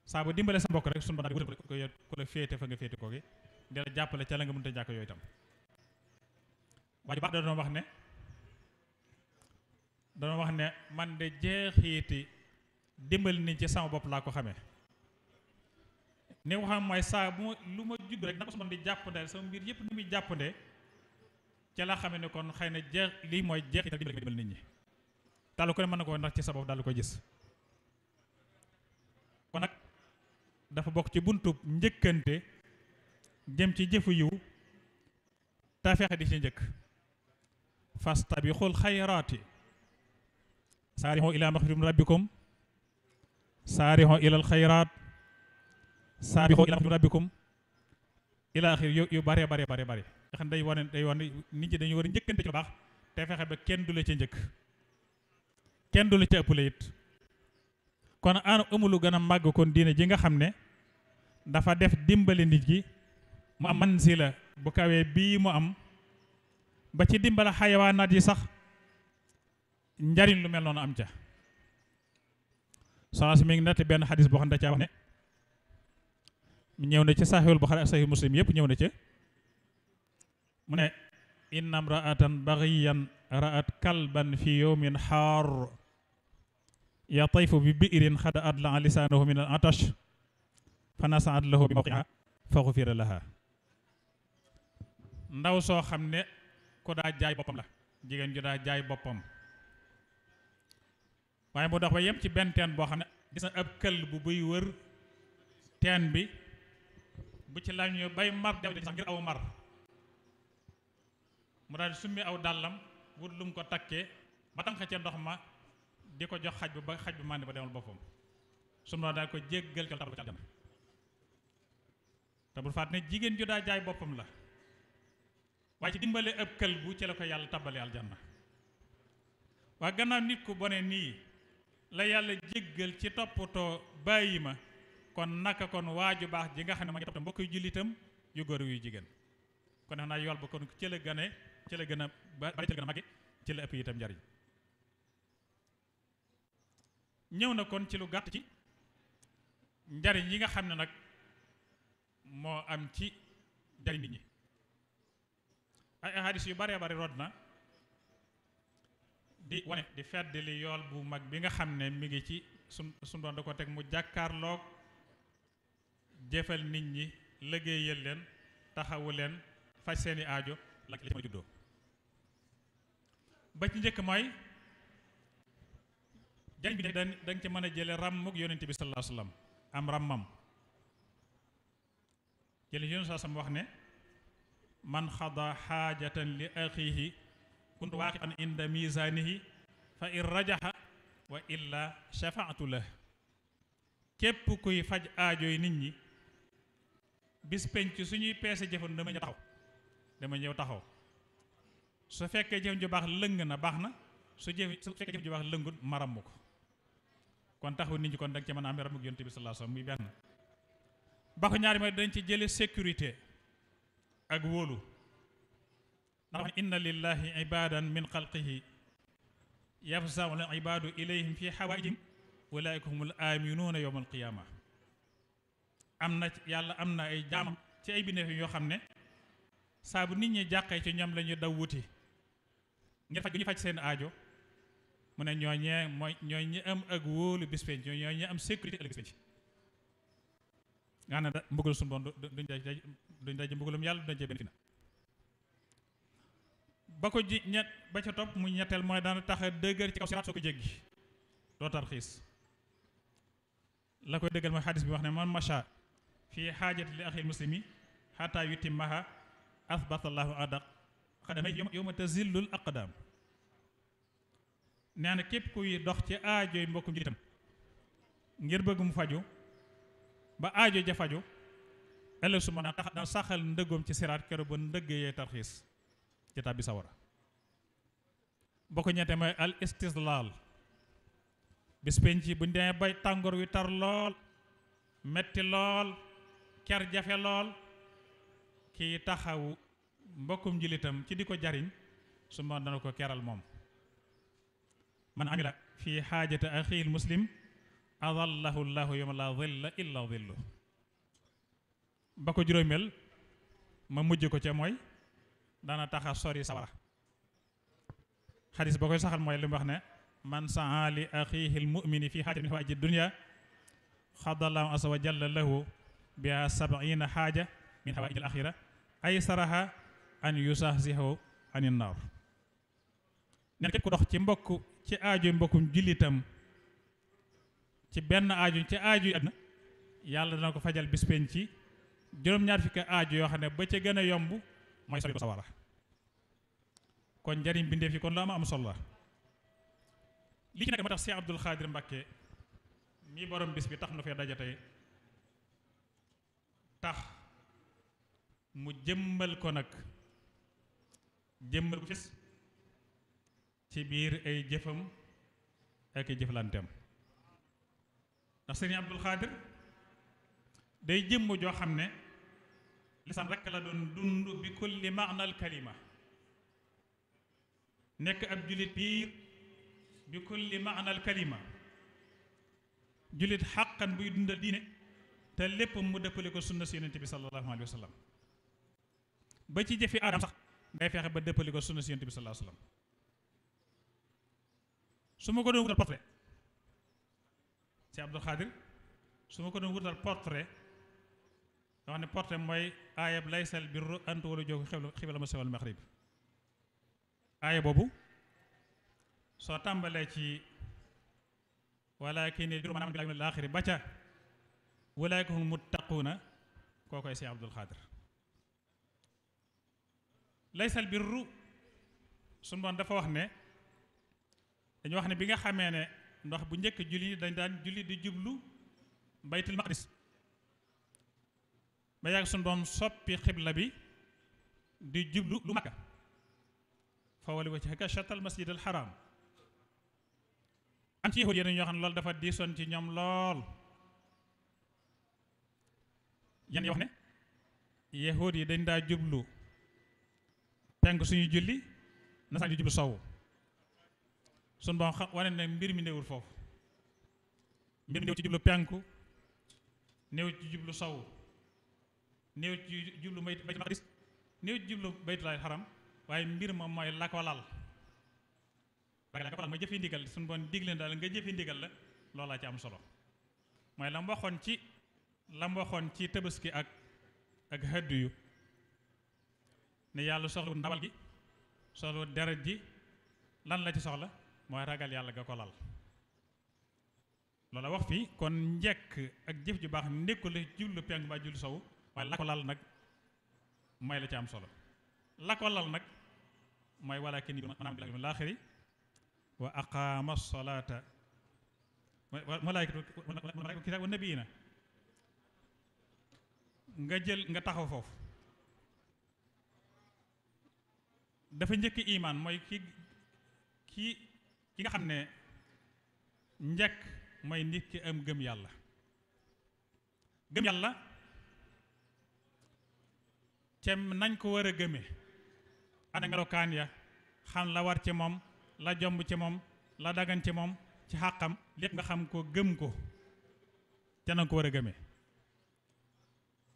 Speaker 4: saabu bu dimbale sa mbokk rek sunu banaat di ko ku la féete fa di jàppale ca la nga mënta jàkk yooyu itam waa ju baax wax ne da wax ne man de jeexiiti dimbali ni ci sama bopp laa ko xamee ni nga xam mooy saa bu ma lu ma judd rek na ko su ma di jàppandee sama mbir yëpp ni muy jàppandee ca la xamee ne kon xëy na jeex lii mooy jeexital di dimbal nit ñi ndax ci sabab daal ko gis nag dafa bokk ci buntub njëkkante jëm ci jëfu yiw te fexe di ci njëkk fastabiqul xayraati saarixu ila rabbikum saarixu ilal xayraat saa ila maxfiratin rabbikum yu yu bare bare bare bare nga day wane day wane nit ñi dañu war a njëkkante ci lu baax te fexe ba kenn du la ca njëkk kenn du la ca ëppale it kon an amulu gën a màgg kon diine ji nga xam ne dafa def dimbali nit gi mu am man bu kawee bii mu am ba ci dimbala xayawaanaat yi sax njariñ lu mel noonu am ca soxna si mi ngi natt benn xadis boo xam ne da ne ñew na ci sahihul bukhari ak sahih muslim yep ñew na ci mune innam raatan bagian raat kalban fi yawmin har ya tayfu bi biirin xada at la min al atash fa nasaat lahu bi mawqia fa xufira laha ndaw so xamne ko da jaay bopam la jigen ju da jaay bopam waye mo dox ba yem ci benten bo xamne gis na ab kel bu buy wër ten bi bu ci laañoo bay mar def sax ngir aw mar mu dal di summi aw dalam wut lum ko takke ba tànq ca ndox ma diko jox xaj ba xaj bu ba demal boppam su da ko jéggal ko tabu ca dem te ne ju da jaay bopam la wa ci dimbalé ab kël bu ci la ko yàlla al janna wa gannaaw nit ku boné ni la yalla jéggal ci topoto bayima kon naka kon waa ju baax ji nga xam ne ma ngi topp mbokk yu jullitam yu góor yu jigéen kon xam naa yool ba kon ci la gane ci la gën a bari ci la gën a màgge ci ñëw na kon ci lu gàtt ci njariñ yi nga xam ne nag moo am ci njariñ nit ñi ay ahadis yu baree bari rod na di wane di fedd li yool bu mag bi nga xam ne mi ngi ci sun sun doon da ko teg mu jàkkaarloog jëfal nit ñi liggéeyal leen taxawu leen faj seeni aajo la ci ma juddoo ba ci njëkk mooy jariñ bi da nga ci mën a jële ràmmuk yonent bi sallallahu alayhi am ràmmam jële yonent saa sam wax ne man xada xaajatan li axiihi kuntu waaqian inda miisaanihi fa in rajaxa wa illa shafaatu lah képp kuy faj aajo yi nit ñi bis penc suñuy pesse jëfan dama ñëw taxaw dama ñew taxaw su fekke jëf ju bax leung na baxna su jëf su fekke jëf ju bax leungul maram ko kon taxaw nit ñi kon dag ci man am ram ak yoonte bi sallallahu alayhi wasallam muy ben baxu ñaari mooy dañ ci jëlé sécurité ak wolu inna lillahi ibadan min yafsa'u al ibadu ilayhim fi hawaijim ulaika humul aminuna yawmal qiyamah am na yàlla am na ay jaam ci ay bindeef yoo xam ne saa bu nit ñi jàqee ci ñam lañuy daw wuti ngir faj bu ñu faj seen aajo mu ne ñooñee mooy ñooy ñi am ak wóolu bis penc ñooy am sécurité ëllëg bis penc nga xam ne da mbugal suñu boon duñ daj duñ daj yàlla duñ daj benn fitna ba ko ji ñet ba ca topp mu ñetteel mooy dana tax a dëgër ci kaw siraat soo ko jéggi doo tar la koy dëggal mooy xadis bi wax ne man macha في حاجة لأخي المسلم حتى يتمها أثبت الله أدق قدمي يوم تزل الأقدام nee na képp kuy dox ci aajooy mbokkum jullitam ngir bëgg mu faju ba aajo ja faju ëllëg su mën a tax dana saxal ndëggoom ci siraat kero ba ndëggee tarxiis ci tàbbi sawara boo ko ñettee mooy al istislaal bis penc buñ demee bay tàngoor wi tar lool metti lool ker jafe lool kii taxawu mbokkum njilitam ci di ko jariñ su ma dana ko keral moom man amila fi xaajata axil muslim adallahu llahu yawma la dhilla illa dhillu ba ko juróomeel ma mujj ko ca mooy dana taxa sori sawara xadis ba koy saxal mooy li mu wax ne man saa li axihi almumini fi xaajata min xawaaji dunya xadallahu asa wa jalla lahu بها سبعين حاجة من حوائج الأخيرة أي سرها أن يسهزه عن النار نركب كده خشيم بكو تأجوا بكم جليتم تبين أجوا تأجوا أدنى يالله نكو فجل بسبنتي جرم نعرف كأ أجوا خنا بتشجنا يومبو ما يسوي بسوارة كون جرين أن في كون لا ما أمسل الله لكن أن تفسير عبد القادر مبكي مي بروم بسبي أن في دجاجة tax mu jëmmal ko nag jëmmal ko fis ci biir ay jëfam ak ay jëflanteem ndax sëriñ Abdul Xaadir day jëmm joo xam ne lisaan rekk la doon dund bi kulli maanal kalima nekk ab julit piir bi kulli maanal kalima julit xàqan buy dundal diine te lépp mu dëppale ko sunna si yonente bi sallallahu alayhi wa ba ci jëfi aadam sax ngay fexe ba dëppale ko sunna si yonente bi sallallahu alayhi su ma ko doon wutal portrait ci Abdul Xaadir su ma ko doon wutal portrait wax ne portrait mooy aayab laysal birru antu wala jooku xibla ma sewal maxrib aaya boobu soo tàmbalee ci walakin juróom maanaam bi laaxiri ba ca ولاك هم متقون كوكو سي عبد القادر ليس البر سون بون دا فا واخ ني دا واخ ني بيغا خامي ني نوخ بو نيك جولي دا دان جولي دي جوبلو بيت المقدس ما ياك سون بون سوبي قبله بي دي جوبلو لو مكه فوالي وجهك شط المسجد الحرام انت يهود يا نيو خن لول دا فا ديسون نيوم لول yan wax ne yahud dañ da jublu penk suñu julli na jublu sawu sun bo wane ne mbir mi newul fofu mbir mi néew ci jublu panku néew ci jublu sawu néew ci jublu bayt maqdis ci jublu haram waye mbir moom moy lakolal bagala lal bari la ko lal mooy ndigal sun bon dig dal nga ndigal la lola ci am solo moy lam waxon ci lam ci tabaski ak ak hadiyu ne yàlla soxlu ndawal gi soxlu deret ji lan la ci soxla mooy ragal yàlla ga ko lal loola wax fii kon njekk ak jëf ju baax nekkul jullu penk ba jullu sow waaye la ko lal nag mooy la ci am solo la ko lal nag mooy walaakin bil aaxiri wa aqaama salaata bi wa nabiyiina nga jël nga taxaw foofu dafa njëkk imaan mooy ki ki nga xam ne njëkk mooy nit ki am gëm yàlla gëm yàlla cem nañ ko war a gëme ana melokaan ya xam la war ci moom la jomb ci moom la dagan ce moom ci xàqam lépp nga xam ko gëm ko te nañ ko war a gëme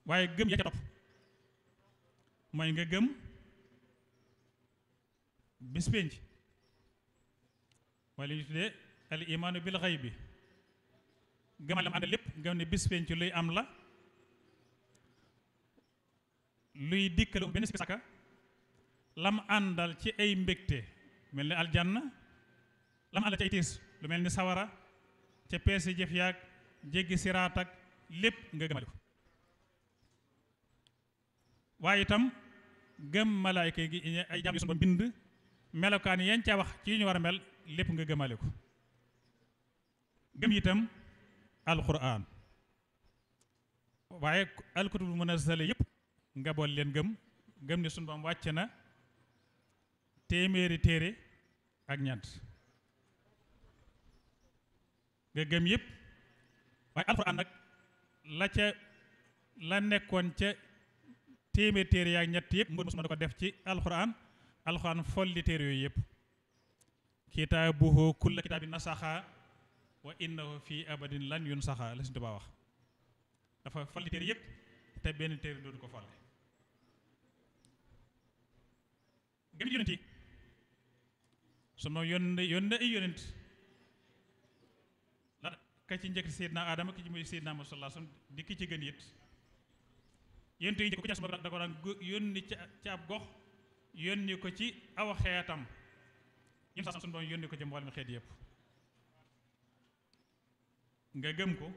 Speaker 4: waaye gëm ya ca topp mooy nga gëm bis pénc mooy ñu tuddee al imaanu bil xay bi gëmal la mu lépp nga ne bis luy am la luy dikkale um benn si sàkka lam àndal ci ay mbégte mel ni aljanna lam àndal ci ay tiis lu mel ni sawara ca peese jëf yaag jéggi siraat ak lépp nga gëmale ko waaye itam gëm malaayka gi ay jàmm ba bind melokaan yañ ca wax ci ñu war a mel lépp nga gëmale ko gëm itam alquran waaye alkutub munazzala yëpp nga bool leen gëm gëm ne sunu bam wàcc na téeméeri téere ak ñant nga gëm yëpp waaye alquran nag la ca la nekkoon ca téeméer téere yaak ñett yëpp Modou Moussa da ko def ci alxuraan alxuraan folli téere yooyu yëpp kitaabuhu kulla kitaabin nasaxa wa innahu fi abadin lan yun saxa la Sëñ Tuubaa wax dafa folli téere yëpp te benn téere dootu ko folle gëm yonent yi sunu yónne yónne ay yonent la ka ci njëkk Seydina Adama ki ci muy Seydina Muhammad di ki ci gën it yonent yi ku ci ko ci ab gox yónni ko ci aw xeetam nga gëm ko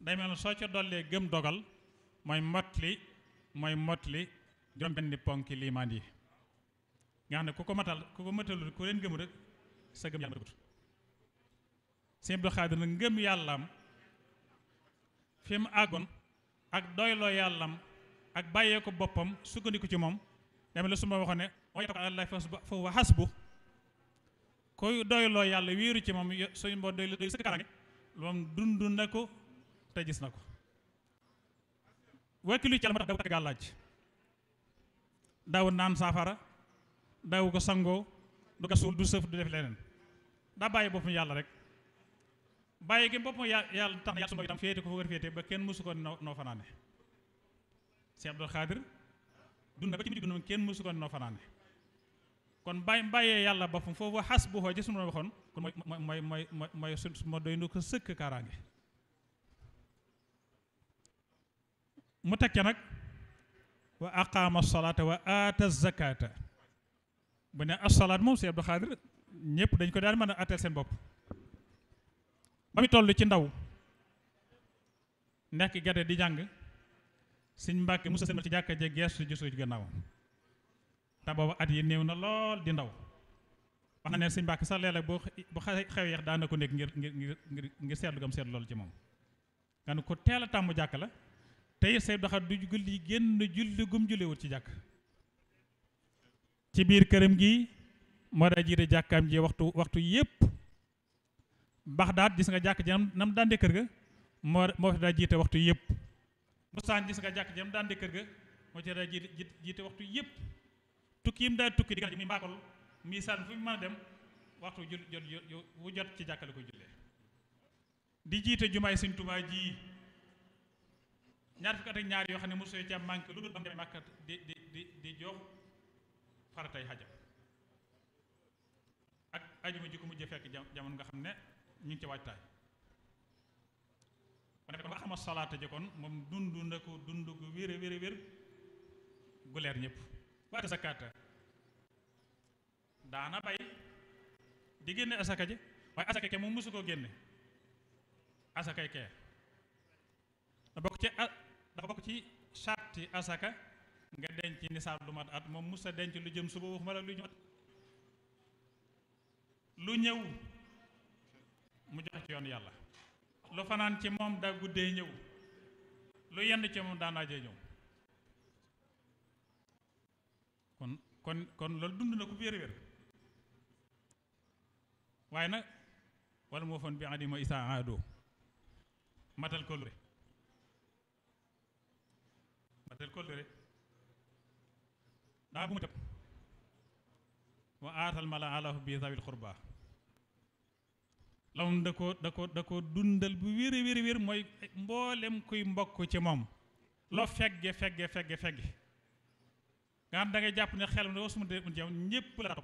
Speaker 4: day mel soo ca dollee gëm dogal mooy motli mooy motli juróom benn ponki liimaan yi nga xam ne ku ko matal ku ko matalul ku leen gëmu rek sa gëm yàlla Sëñ Abdou Khadre nag ngëm yàllaam fi mu àggoon ak doyloo yàllam ak bàyyee ko boppam sukkandiku ci moom dama la su ma waxoon ne oy ko allah fa huwa hasbu koy doyloo yàlla wéeru ci moom suñu mboo doy doy sëkk kaaraange moom dund na ko te gis na ko wakkilu ci yàlla moo tax daw takk gàllaaj daw naan saafara daw ko sangoo du ko du sëf du def leneen daa bàyyi boppam yàlla rek bàyyi gi bopp mooy yàlla tax na yàlla sunu itam féete ko fa war a féete ba kenn mësu ko noo noo fanaane Cheikh Abdoul Khadir dund ba ci kenn mësu ko noo fanaane kon bàyyi bàyyee yàlla boppam foofu xas bu xoo ci sunu waxoon kon mooy mooy mooy mooy su ma doy ko sëkk kaaraange mu teg ca nag wa aqaama salaata wa aata zakata bu ne asalaat moom Cheikh ñëpp dañ ko daal mën a atteel seen bopp ba mu toll ci ndaw nekk gerte di jàng sëñ Mbàkke musa sëmal ci jàkka je geestu gisu gannaaw te booba at yi néew na lool di ndaw wax na ne sëñ Mbàkke sax léeg-léeg boo bu xew yeex daana ko nekk ngir ngir ngir ngir seetlu gam seetlu loolu ci moom nga ko teel a tàmm jàkk la tey say doxat du julli génn julli gum julliwut ci jàkk ci biir këram gi moo daa jiite jàkkaam ji waxtu waxtu yépp mbax di gis nga jàkk ji nam daan de kër ga moo moo fi daa jiite waxtu yëpp musaan gis nga jàkk ji nam daan de kër ga moo ci daa jiite jiite waxtu yëpp tukki yi mu daa tukki di gàncax mi saan fu mu mën a dem waxtu ci jàkkale ko jullee di jiite jumaay Sëñ Tuubaa ji ñaar fukki at ak ñaar yoo xam ne mosoo ca manqué lu dul ba mu dem Màkka di di di jox faratay xajam ak ajuma ji ko mujjee fekk jamono nga xam ne ñu ngi ci waajtaay mu ne kon wax ama salaata ji kon moom dund na ko dund gu wér a wér a wér waaye asaka ke moom mosu koo génne asakay kee da bokk ci dafa bokk ci sàtti asaka nga denc nisaab lu mat at moom mos a denc lu jëm suba waxuma la lu ñëw mu jox ci yoon yàlla lu fanaan ci moom daa guddee ñëw lu yenn ci moom daa naajee ñëw kon kon kon loolu dund na ko wér wér waaye nag wala moo fon bi adima isa ado matal kóllëre matal kóllëre daa bu mu tëb wa aatal mala alaafu bi zawil xurba la da ko da ko da ko dundal bu wér a wér mooy mboolem kuy mbokk ci moom loo fegge fegge fegge fegge nga xam da ngay jàpp ne xelam da suma de un jaw ñëpp la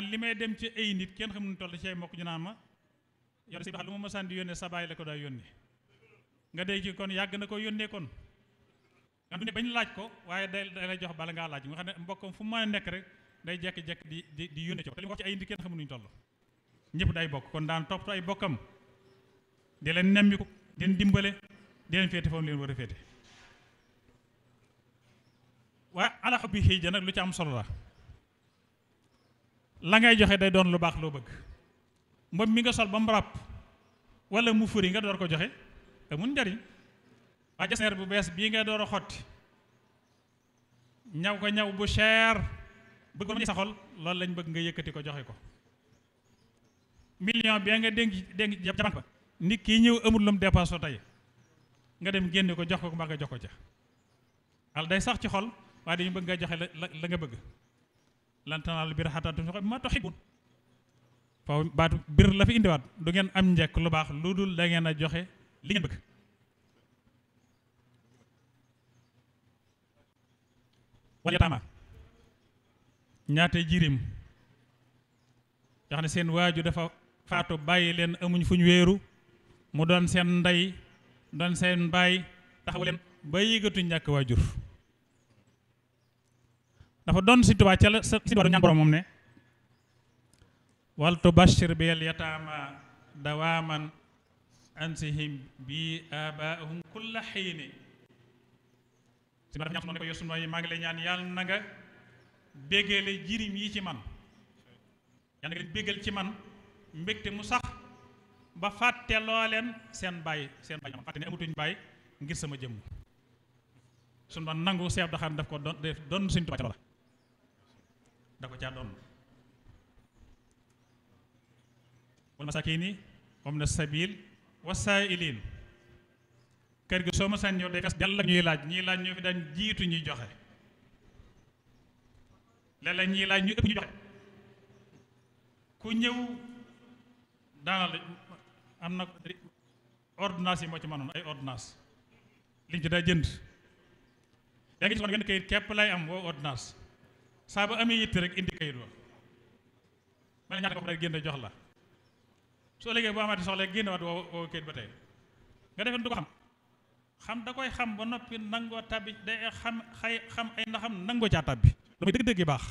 Speaker 4: li may dem ci ay nit kenn xam nu toll ci ay mbokk ma yor si lu ma di yónnee sa baay la ko yoon yónnee nga dee ci kon yàgg na ko yónnee kon nga du ne bañ laaj ko waaye day day lay jox bala ngaa laaj nga xam ne mbokkam fu mu a nekk rek day jekk jekki di di di yónnee ci te li ma wax ci ay nit kenn ñëpp day bok kon daan top ay bokam di nemmi ko di len dimbalé di len fété fam len wara fété wa ala hubbi hijja nak lu ci am solo la la ngay joxe day doon lu bax lo bëgg mbam mi nga sol bam rap wala mu furi nga door ko joxe amul ndari wa jasneer bu bes bi nga door xoti ñaw ko ñaw bu cher bëgg ko sa xol loolu lañ bëgg nga yëkëti ko joxe ko million bi nga dénk dénk ca banque ba nit kii ñëw amul lu mu dépassé nga dem génne ko jox ko mbaa nga jox ko ca al day sax ci xol waaye dañu bëgg nga joxe la la nga bëgg lan tanaalul birra hattaa tunfiquu mimmaa tuhibbuun foofu baatu bir la fi indiwaat du ngeen am njekk lu baax lu dul da ngeen a joxe li ngeen bëgg wal yataama ñaate jirim yoo xam ne seen waaju dafa faatu bayi len amuñ fuñ wéru mu don sen nday don sen bay taxawu len ba yegatu ñak wajur dafa don ci tuba ci la borom mom ne wal tubashir bil yatama dawaman ansihim bi abaahum kulla hin ci ma ñaan noonu ko yosu nooy maa ngi lay ñaan yàlla na nga begele jirim yi ci man yalla nga begel ci man mbekté mu sax ba faté lolen sen bay sen bay faté fàtte ne bay ngir sama jëm suñu doon nangu cheikh Abdu Xaadim daf ko don def doon suñ Tuubaa da ko caa don wal masakini min as sabil wasaa'ilin kër gi soma ma sañ ñëw day kas dal ak ñuy laaj ñi laaj ñoo fi dañ jitu ñuy joxe léeg la ñi laaj ñu ëpp ñu joxe ku ñew daanal am na ordonnance yi moo ci manoon ay ordonnance li ci daa jënd da nga ci ngeen kayit képp lay am wo ordonnance saa ba amee yitte rek indi kayit wa ma ne ñaata ko rek génn jox la soo léegi boo amaati soxla génn waat woo woo kayit ba tey nga defen du ko xam xam da koy xam ba noppi nangoo tabbi day xam xay xam ay naxam nangoo caa tabbi lu muy dëgg yi baax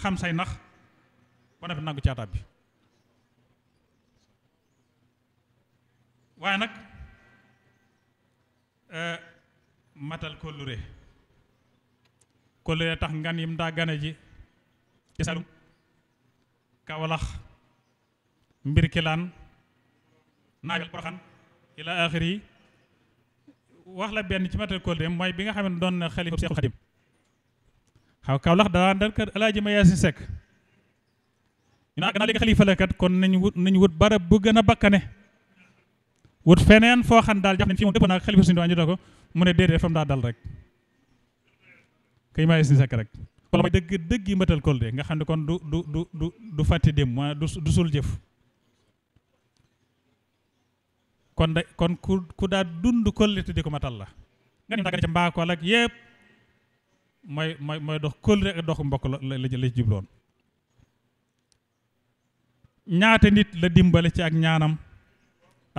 Speaker 4: xam say nax ba noppi nangu caa tabbi waaye nag euh, matal kóllure kóllure tax ngan yim daa gane ji ci Saalum Kawlax Mbirkilaan naajal Poroxaan ila axiri yi wax la benn ci matal kóllure mooy bi nga xam ne doon na xalif Seexul Xadim xaw Kawlax daa dal kër Alaaji ma Yaasin Sekk ñu naa ah, gannaaw léegi xalifa kon nañu wut nañu wut barab bu gën a bakkane wut feneen foo xam daal jàpp nañ fi moom dëpp naa xalifa suñu ñu ko mu ne déedéet fa mu daa dal rek kay maa si sekk rek nga xam ne kon du du du du du fàtte kon ku ku daa dund kolde te di ko matal la nga ne ca mbaakool ak yëpp mooy mooy mooy dox kolde ak dox mbokk la la la jubloon ñaata nit la dimbali ci ak ñaanam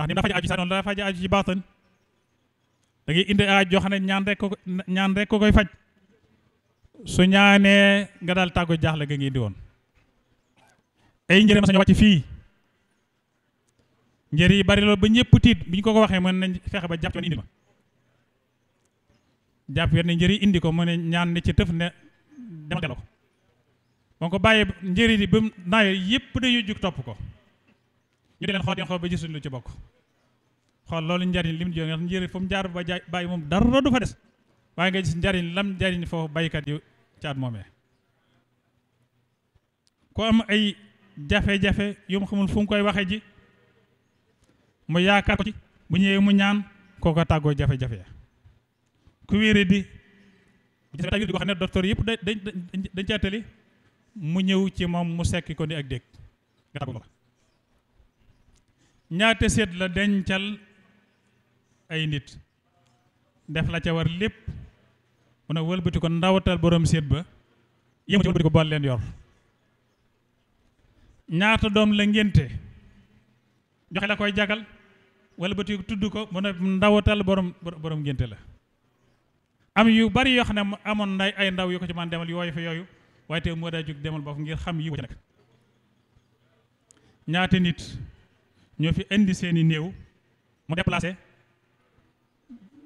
Speaker 4: ndax ni mu dafa aju sa noonu dafa aju ci baatan da ngay indi aaj joo xam ñaan rek ko koy faj su ñaanee nga dal tàggu jaaxle ga ngi indi woon ay njëriñ ma sañu wàcc fii njëriñ yi bari loolu ba ñëpp tiit bi ko ko waxee mën nañ fexe ba jàpp yoon indi ma jàpp yoon ne njëriñ indi ko mu ne ñaan ne ci tëf ne demal delloo ko boo ko bàyyee njëriñ yi ba mu naawee yëpp topp ko ñu di leen xool di xool ba lu ci bokk xool loolu njariñ lim jóge njëriñ fu jaar ba jaay bàyyi moom dara du fa des waaye nga gis njariñ lam njariñ foofu baykat yu ci at moomee ku am ay jafe-jafe yu mu xamul fu mu koy waxe ji mu yaakaar ko ci bu ñëwee mu ñaan koo ko tàggoo jafe-jafe ku wéeri di di ko xam ne docteur yëpp dañ dañ dañ mu ñëw ci moom mu sekk ko ni ak dégg ñaata seet la dencal ay nit def la ca war lépp mun a wëlbati ko ndawatal borom seet ba yéemu ci wëlbati ko bool leen yor ñaata doom la ngénte joxe la koy jagal wëlbati tudd ko mun a ndawtal borom borom ngénte la am yu bari yoo xam ne amoon nday ay ndaw yu ko ci man demal yooyu fa yooyu waaye te moo daa jóg demal boofu ngir xam yi ci nekk ñaata nit ñoo fi indi seeni néew mu déplacé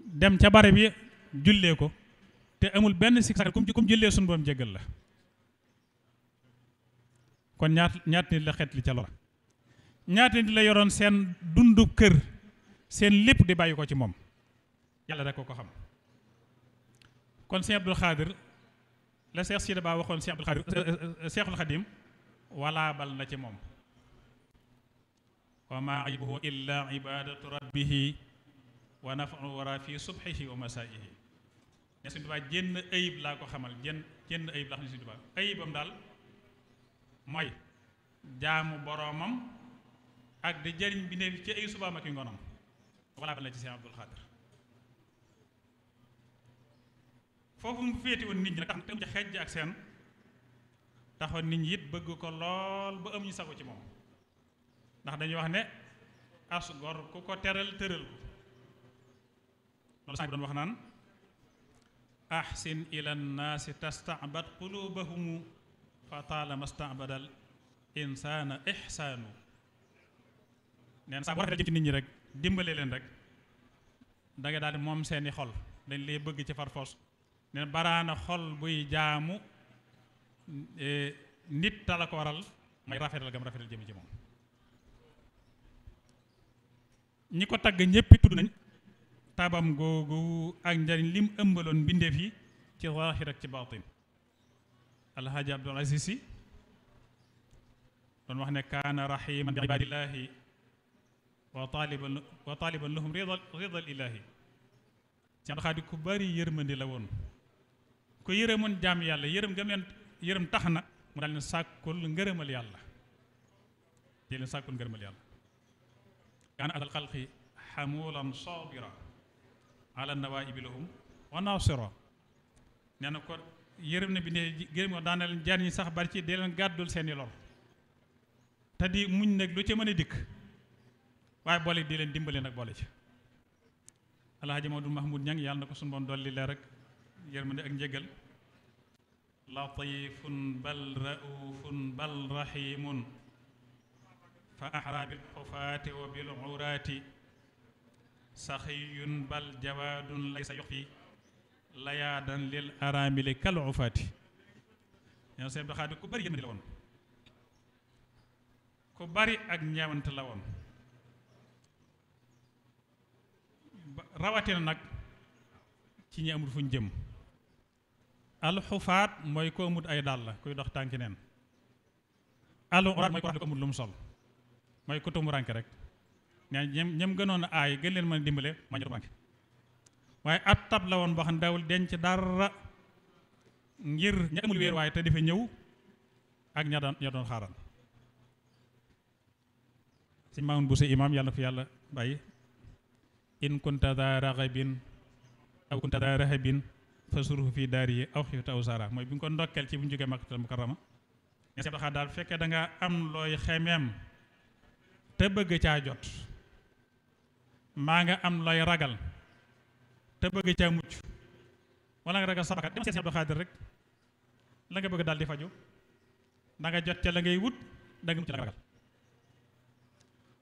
Speaker 4: dem ca bare bi jullee ko te amul benn sikk sakal kum ci kum jullee suñu borom jéggal la kon ñaat ñaat nit la xet li ca lor ñaat la yoroon seen dundu kër seen lépp di bàyyi ko ci moom yàlla rek ko ko xam kon Sëñ Abdul Xaadir la Seex Sida Ba waxoon Seex Abdul Xaadir Seexul Xadim walla bal na ci moom وما عيبه إلا عبادة ربه ونفعه ورا في صبحه ومسائه نسيم دبا جن أي لا خمال جن جن أيب لا نسيم دبا أيب أمدال ماي جام برامم أك دي جرين بني في أي صباح ما كنغنا ولا بلا جسي عبد الخاطر فوفم فيتي ون نيجي تام تام جا خيت جا أكسين تاخون نيجي بغو كو لول با امي ساغو سي موم ndax dañuy wax ne as gor ku ko teral teral ko loolu sax doon wax naan ahsin ila nnaasi tastabad qulubahumu fa taalama stacbada insana ihsanu neen saa boo ci nit ñi rek dimbalé leen rek da nga daal di moom seeni xol dañ lay bëgg ci farfos neen baraana xol buy jaamu eh, nit tala ko waral may rafetal gam rafetal jëm ci moom ñi ko tagg ñëpp nañ tabam gogu ak njariñ lim ëmbaloon binde fi ci zahir ak ci batin alhaji abdul aziz don wax ne kana rahiman bi ibadillahi wa taliban wa taliban lahum ridha ridha ilahi ci abdul xaadi ku bari yermandi la won ku yërëmoon jam yalla yërëm gam leen yërëm taxna mu daal leen sàkkul ngërëmal yàlla di leen sàkkul كان على الخلق حمولا صابرا على النوائب لهم وناصرا نانا كو يرم نبي ني غيرم دانا جان ني صاح بارتي دي لن غادول سيني لور تادي موني نك لو تي ماني ديك واي بولي دي لن ديمبالي نك بولي الله حاج مودو محمود نيان يال نكو سون بون دولي لا رك يرم ني اك نجيغال لطيف بل رؤوف بل رحيم fa ahra bil xufaati wa bil xuraati saxiyun bal jawaadun laysa yuxfi layaadan lil aramili kal ufaati ñoom seen doxaati ku bari yéen ku bari ak ñeewante la woon rawatina nag ci ñi amul fuñ jëm alxufaat mooy ko amut ay dàll kuy dox tànki neen alxuraat mooy ko amut lu sol mooy ku rek ña ñem ñem gënoon aay gën leen mën dimbale ma ñu tumuranke waaye ab tab la woon boo xam ne daawul denc dara ngir ña amul wéer waaye te dafa ñëw ak ña doon ña xaaral si maamun bu si imaam yàlla na fi yàlla bàyyi in kunta daa raxabin aw kunta daa raxabin fa suruhu fii daar aw xifta aw sara mooy bi nga ko ndokkeel ci bu ñu jógee makkatal mukarrama ña si daal fekkee da am looy xemeem te bëgg ca jot ma nga am loy ragal te bëgg ca mucc wala nga ragal sabaka dem seet Abdou Khadir rek la nga bëgg dal di faju da nga jot ca la ngay wut da nga mucc la ragal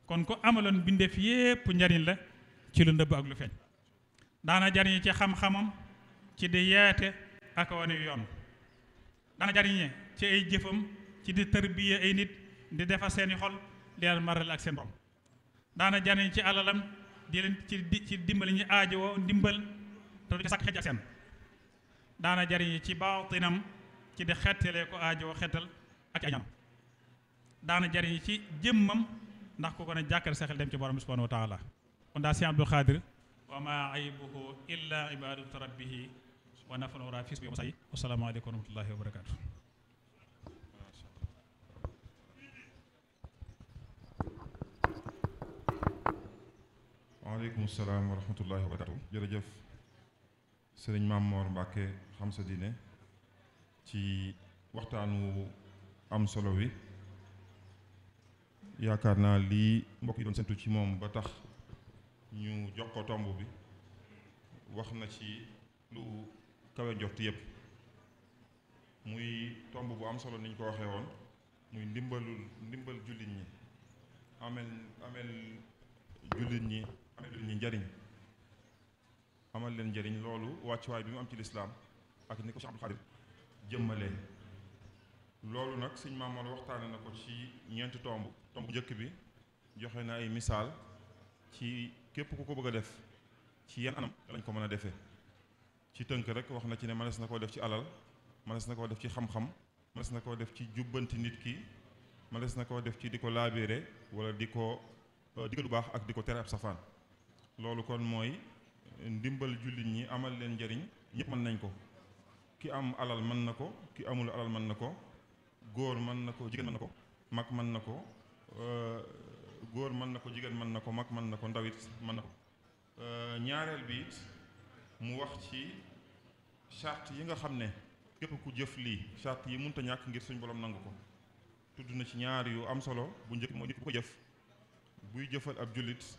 Speaker 4: kon ko amaloon bindeef yépp njariñ la ci lu ndëb ak lu feeñ daana jariñ ci xam-xamam ci di ak woni yoon daana jariñ ci ay jëfëm ci di tarbiya ay nit di defa seeni xol di leen maral ak seen daana jariñ ci alalam di leen ci ci dimbali ñu aajowoo ndimbal te du ci sàkk xej ak seen daana jariñ ci baatinam ci di xettalee ko aajowoo xettal ak añam daana jariñ ci jëmmam ndax ku ko ne jàkkal sa dem ci borom subhanahu wa taala kon daa si Abdul Xaadir wa maa aybuhu illa ibadatu rabbihi wa nafanu ra fis bi masayi wasalaamaaleykum wa rahmatullahi wa barakatu
Speaker 3: alaykum salaam wa rahmatullahi wa barakatuh jërëjëf serigne Maam Moor Mbàkke xam sa ci waxtanu am solo wi yakarna li mbok mbokk yi doon sentu ci mom ba tax ñu jox ko tomb bi waxna ci lu kawe njort yëpp muy tomb bu am solo niñ ko waxé won muy ndimbalul ndimbal julit ñi amel amel julit ñi amal leen ñu njariñ amal leen njariñ loolu wàccuwaay bi mu am ci lislaam ak ni ko ci Abdou Khadir jëmmalee loolu nag sëñ Maamoor waxtaane na ko ci ñeenti tomb tomb njëkk bi joxe na ay misaal ci képp ku ko bëgg a def ci yenn anam lañ ko mën a defee ci tënk rek wax na ci ne mënees na koo def ci alal mënees na koo def ci xam-xam mënees na koo def ci jubbanti nit ki mënees na koo def ci di ko laabire wala di ko digal lu baax ak di ko tere ab safaan loolu kon mooy ndimbal jullit ñi amal leen njariñ ñëpp mën nañ ko ki am alal mën na ko ki amul alal mën na ko góor mën na ko jigéen mën na ko mag mën na ko euh, góor mën na ko jigéen mën na ko mag mën na ko ndawit mën na ko euh, ñaareel bi mu wax ci charte yi nga xam ne képp ku jëf lii charte yi mënta ñàkk ngir suñ borom nangu ko tudd na ci ñaar yu am solo bu njëkk mooy bu ko jëf buy jëfal ab jullit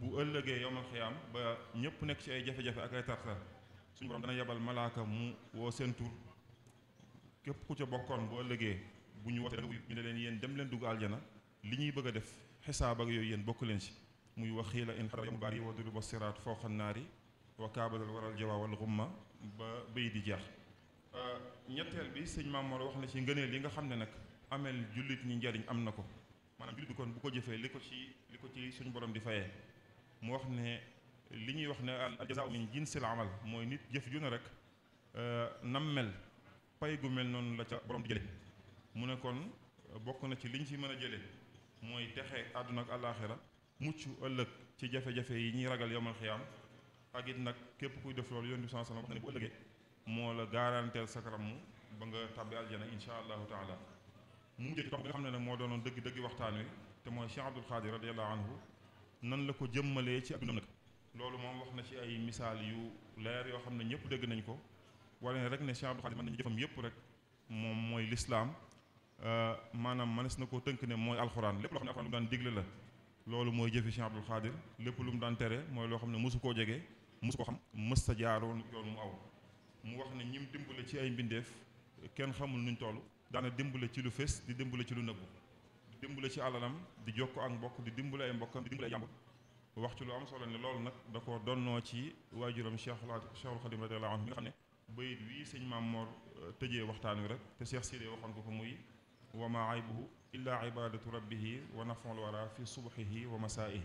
Speaker 3: bu ëllëgee yowmal xiyaam ba ñëpp nekk ci ay jafe-jafe ak ay tartar suñu borom dana yebal malaaka mu woo seen tur képp ku ca bokkoon bu ëllëgee bu ñu wootee ñu ne leen yéen dem leen dugg aljana li ñuy bëgg a def xisaab ak yooyu yéen bokk leen ci muy waxiila in xarajam baari wa duru ba siraat fawqa naari wa kaabadal waral jawa wal xumma ba béy di jeex ñetteel bi sëñ Mamoor wax na ci ngëneel yi nga xam ne nag ameel jullit ñi njariñ am na ko maanaam jullit bi kon bu ko jëfee li ko ci li ko ci suñu borom di fayee mu wax ne li ñuy wax ne al jazaa'u min jinsil amal mooy nit jëf ju ne rek nam mel pay gu mel noonu la ca borom di jële mu ne kon bokk na ci liñ ci mën a jële mooy texe àdduna ak àllaaxira mucc ëllëg ci jafe-jafe yi ñuy ragal yomal xiyaam ak it nag képp kuy def loolu yoon bi sallallahu alayhi wa sallam wax ne bu ëllëgee moo la garanteel sa karamu ba nga tàbbi aljana insha allahu taala mu mujj ci tox bi nga xam ne nag moo doonoon dëgg dëgg waxtaan wi te mooy Cheikh Abdoul Khadir radiyallahu anhu nan la ko jëmmalee ci ak dundam nag loolu moom wax na ci ay misaal yu leer yoo xam ne ñëpp dégg nañ ko wala ne rek ne Cheikh Abdou Khadir mën nañu jëfam yëpp rek moom mooy lislaam euh, maanaam mënees na koo tënk ne mooy alxuraan lépp loo xam ne alxuraan lu mu daan la loolu mooy jëfi Cheikh Abdou Khadir lépp lu mu daan tere mooy loo xam ne mosu koo jege mosu ko xam mos sa jaaroon yoon mu aw mu wax ne ñim dimbale ci ay mbindeef kenn xamul nuñ toll daana dimbale ci lu fés di dimbale ci lu nëbbu dimbulé ci alalam di jokk ak mbokk di dimbulé ay mbokkam di dimbulé ay jàmbur wax ci lu am solo ni loolu nak dako donno ci wajuram cheikh Cheikhul Cheikhul Khadim radhiyallahu anhu nga xam ne bayit wii sëñ Mor tëjee waxtaan rek te Cheikh Sidé waxoon ko ko muy wa ma aybuhu illa ibadatu wa wara fi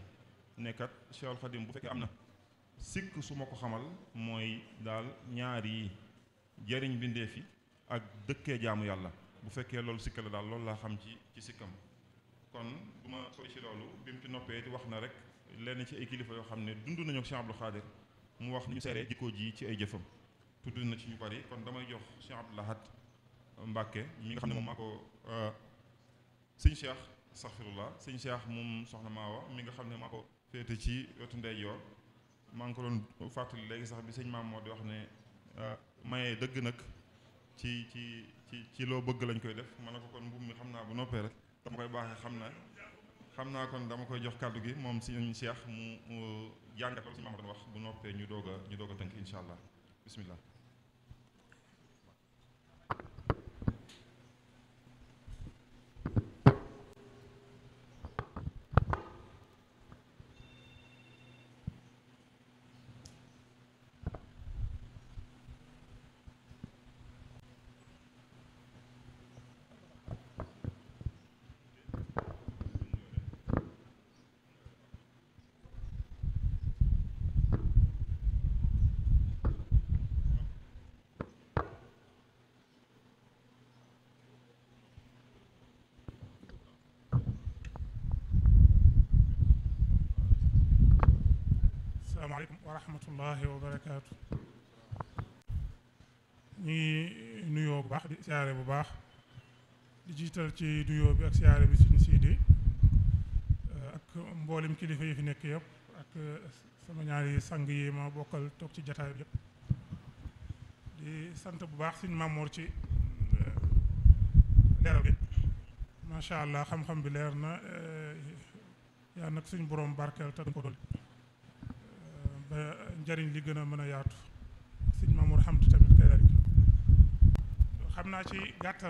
Speaker 3: wa Khadim bu fekké am na sikk ko xamal ñaar yi jëriñ fi ak jaamu yàlla bu la xam ci ci sikkam kon bu ma sooy ci loolu bi mu ci noppee di wax na rek lenn ci ay kilifa yoo xam ne dund nañu Cheikh Abdou Khadir mu wax ñu seree jikko ji ci ay jëfam tudd na ci ñu bari kon damay jox Cheikh Abdou Lahad Mbacke mi nga xam ne moom maa ko euh, sëñ Cheikh astaghfirullah sëñ Cheikh moom soxna Maawa mi nga xam ne maa féete ci wetu ndeyjoor maa ngi ko doon fàttali léegi sax bi sëñ maam moo di wax ne euh, maye dëgg nag ci ci ci ci loo bëgg lañ koy def ma ne ko kon mbubb mi xam naa bu noppee rek dama koy baaxee xam na xam naa kon dama koy jox kàddu gi moom sëñ Cheikh mu jàngat la sëñ Mamadou wax bu noppee ñu doog a ñu doog a tënk incha allah bisimilah.
Speaker 2: عليكم ورحمة الله وبركاته. ني نيويورك باخ دي سياري بو باخ دي جيتال تي نيو بي اك سياري بي سيني سيدي آه، اك مبولم كليفه يفي نيك ياب اك سما نياري سانغ يي ما بوكال توك تي جاتا ياب دي سانت بو باخ سين مامور تي آه، ليرو بي ما شاء الله خم خم بي ليرنا آه، يا نك سين بروم باركال تا كو دول njariñ njëriñ li gën a mën a yaatu sëñ Mamour Hamdou tamit kay xam naa ci gàttal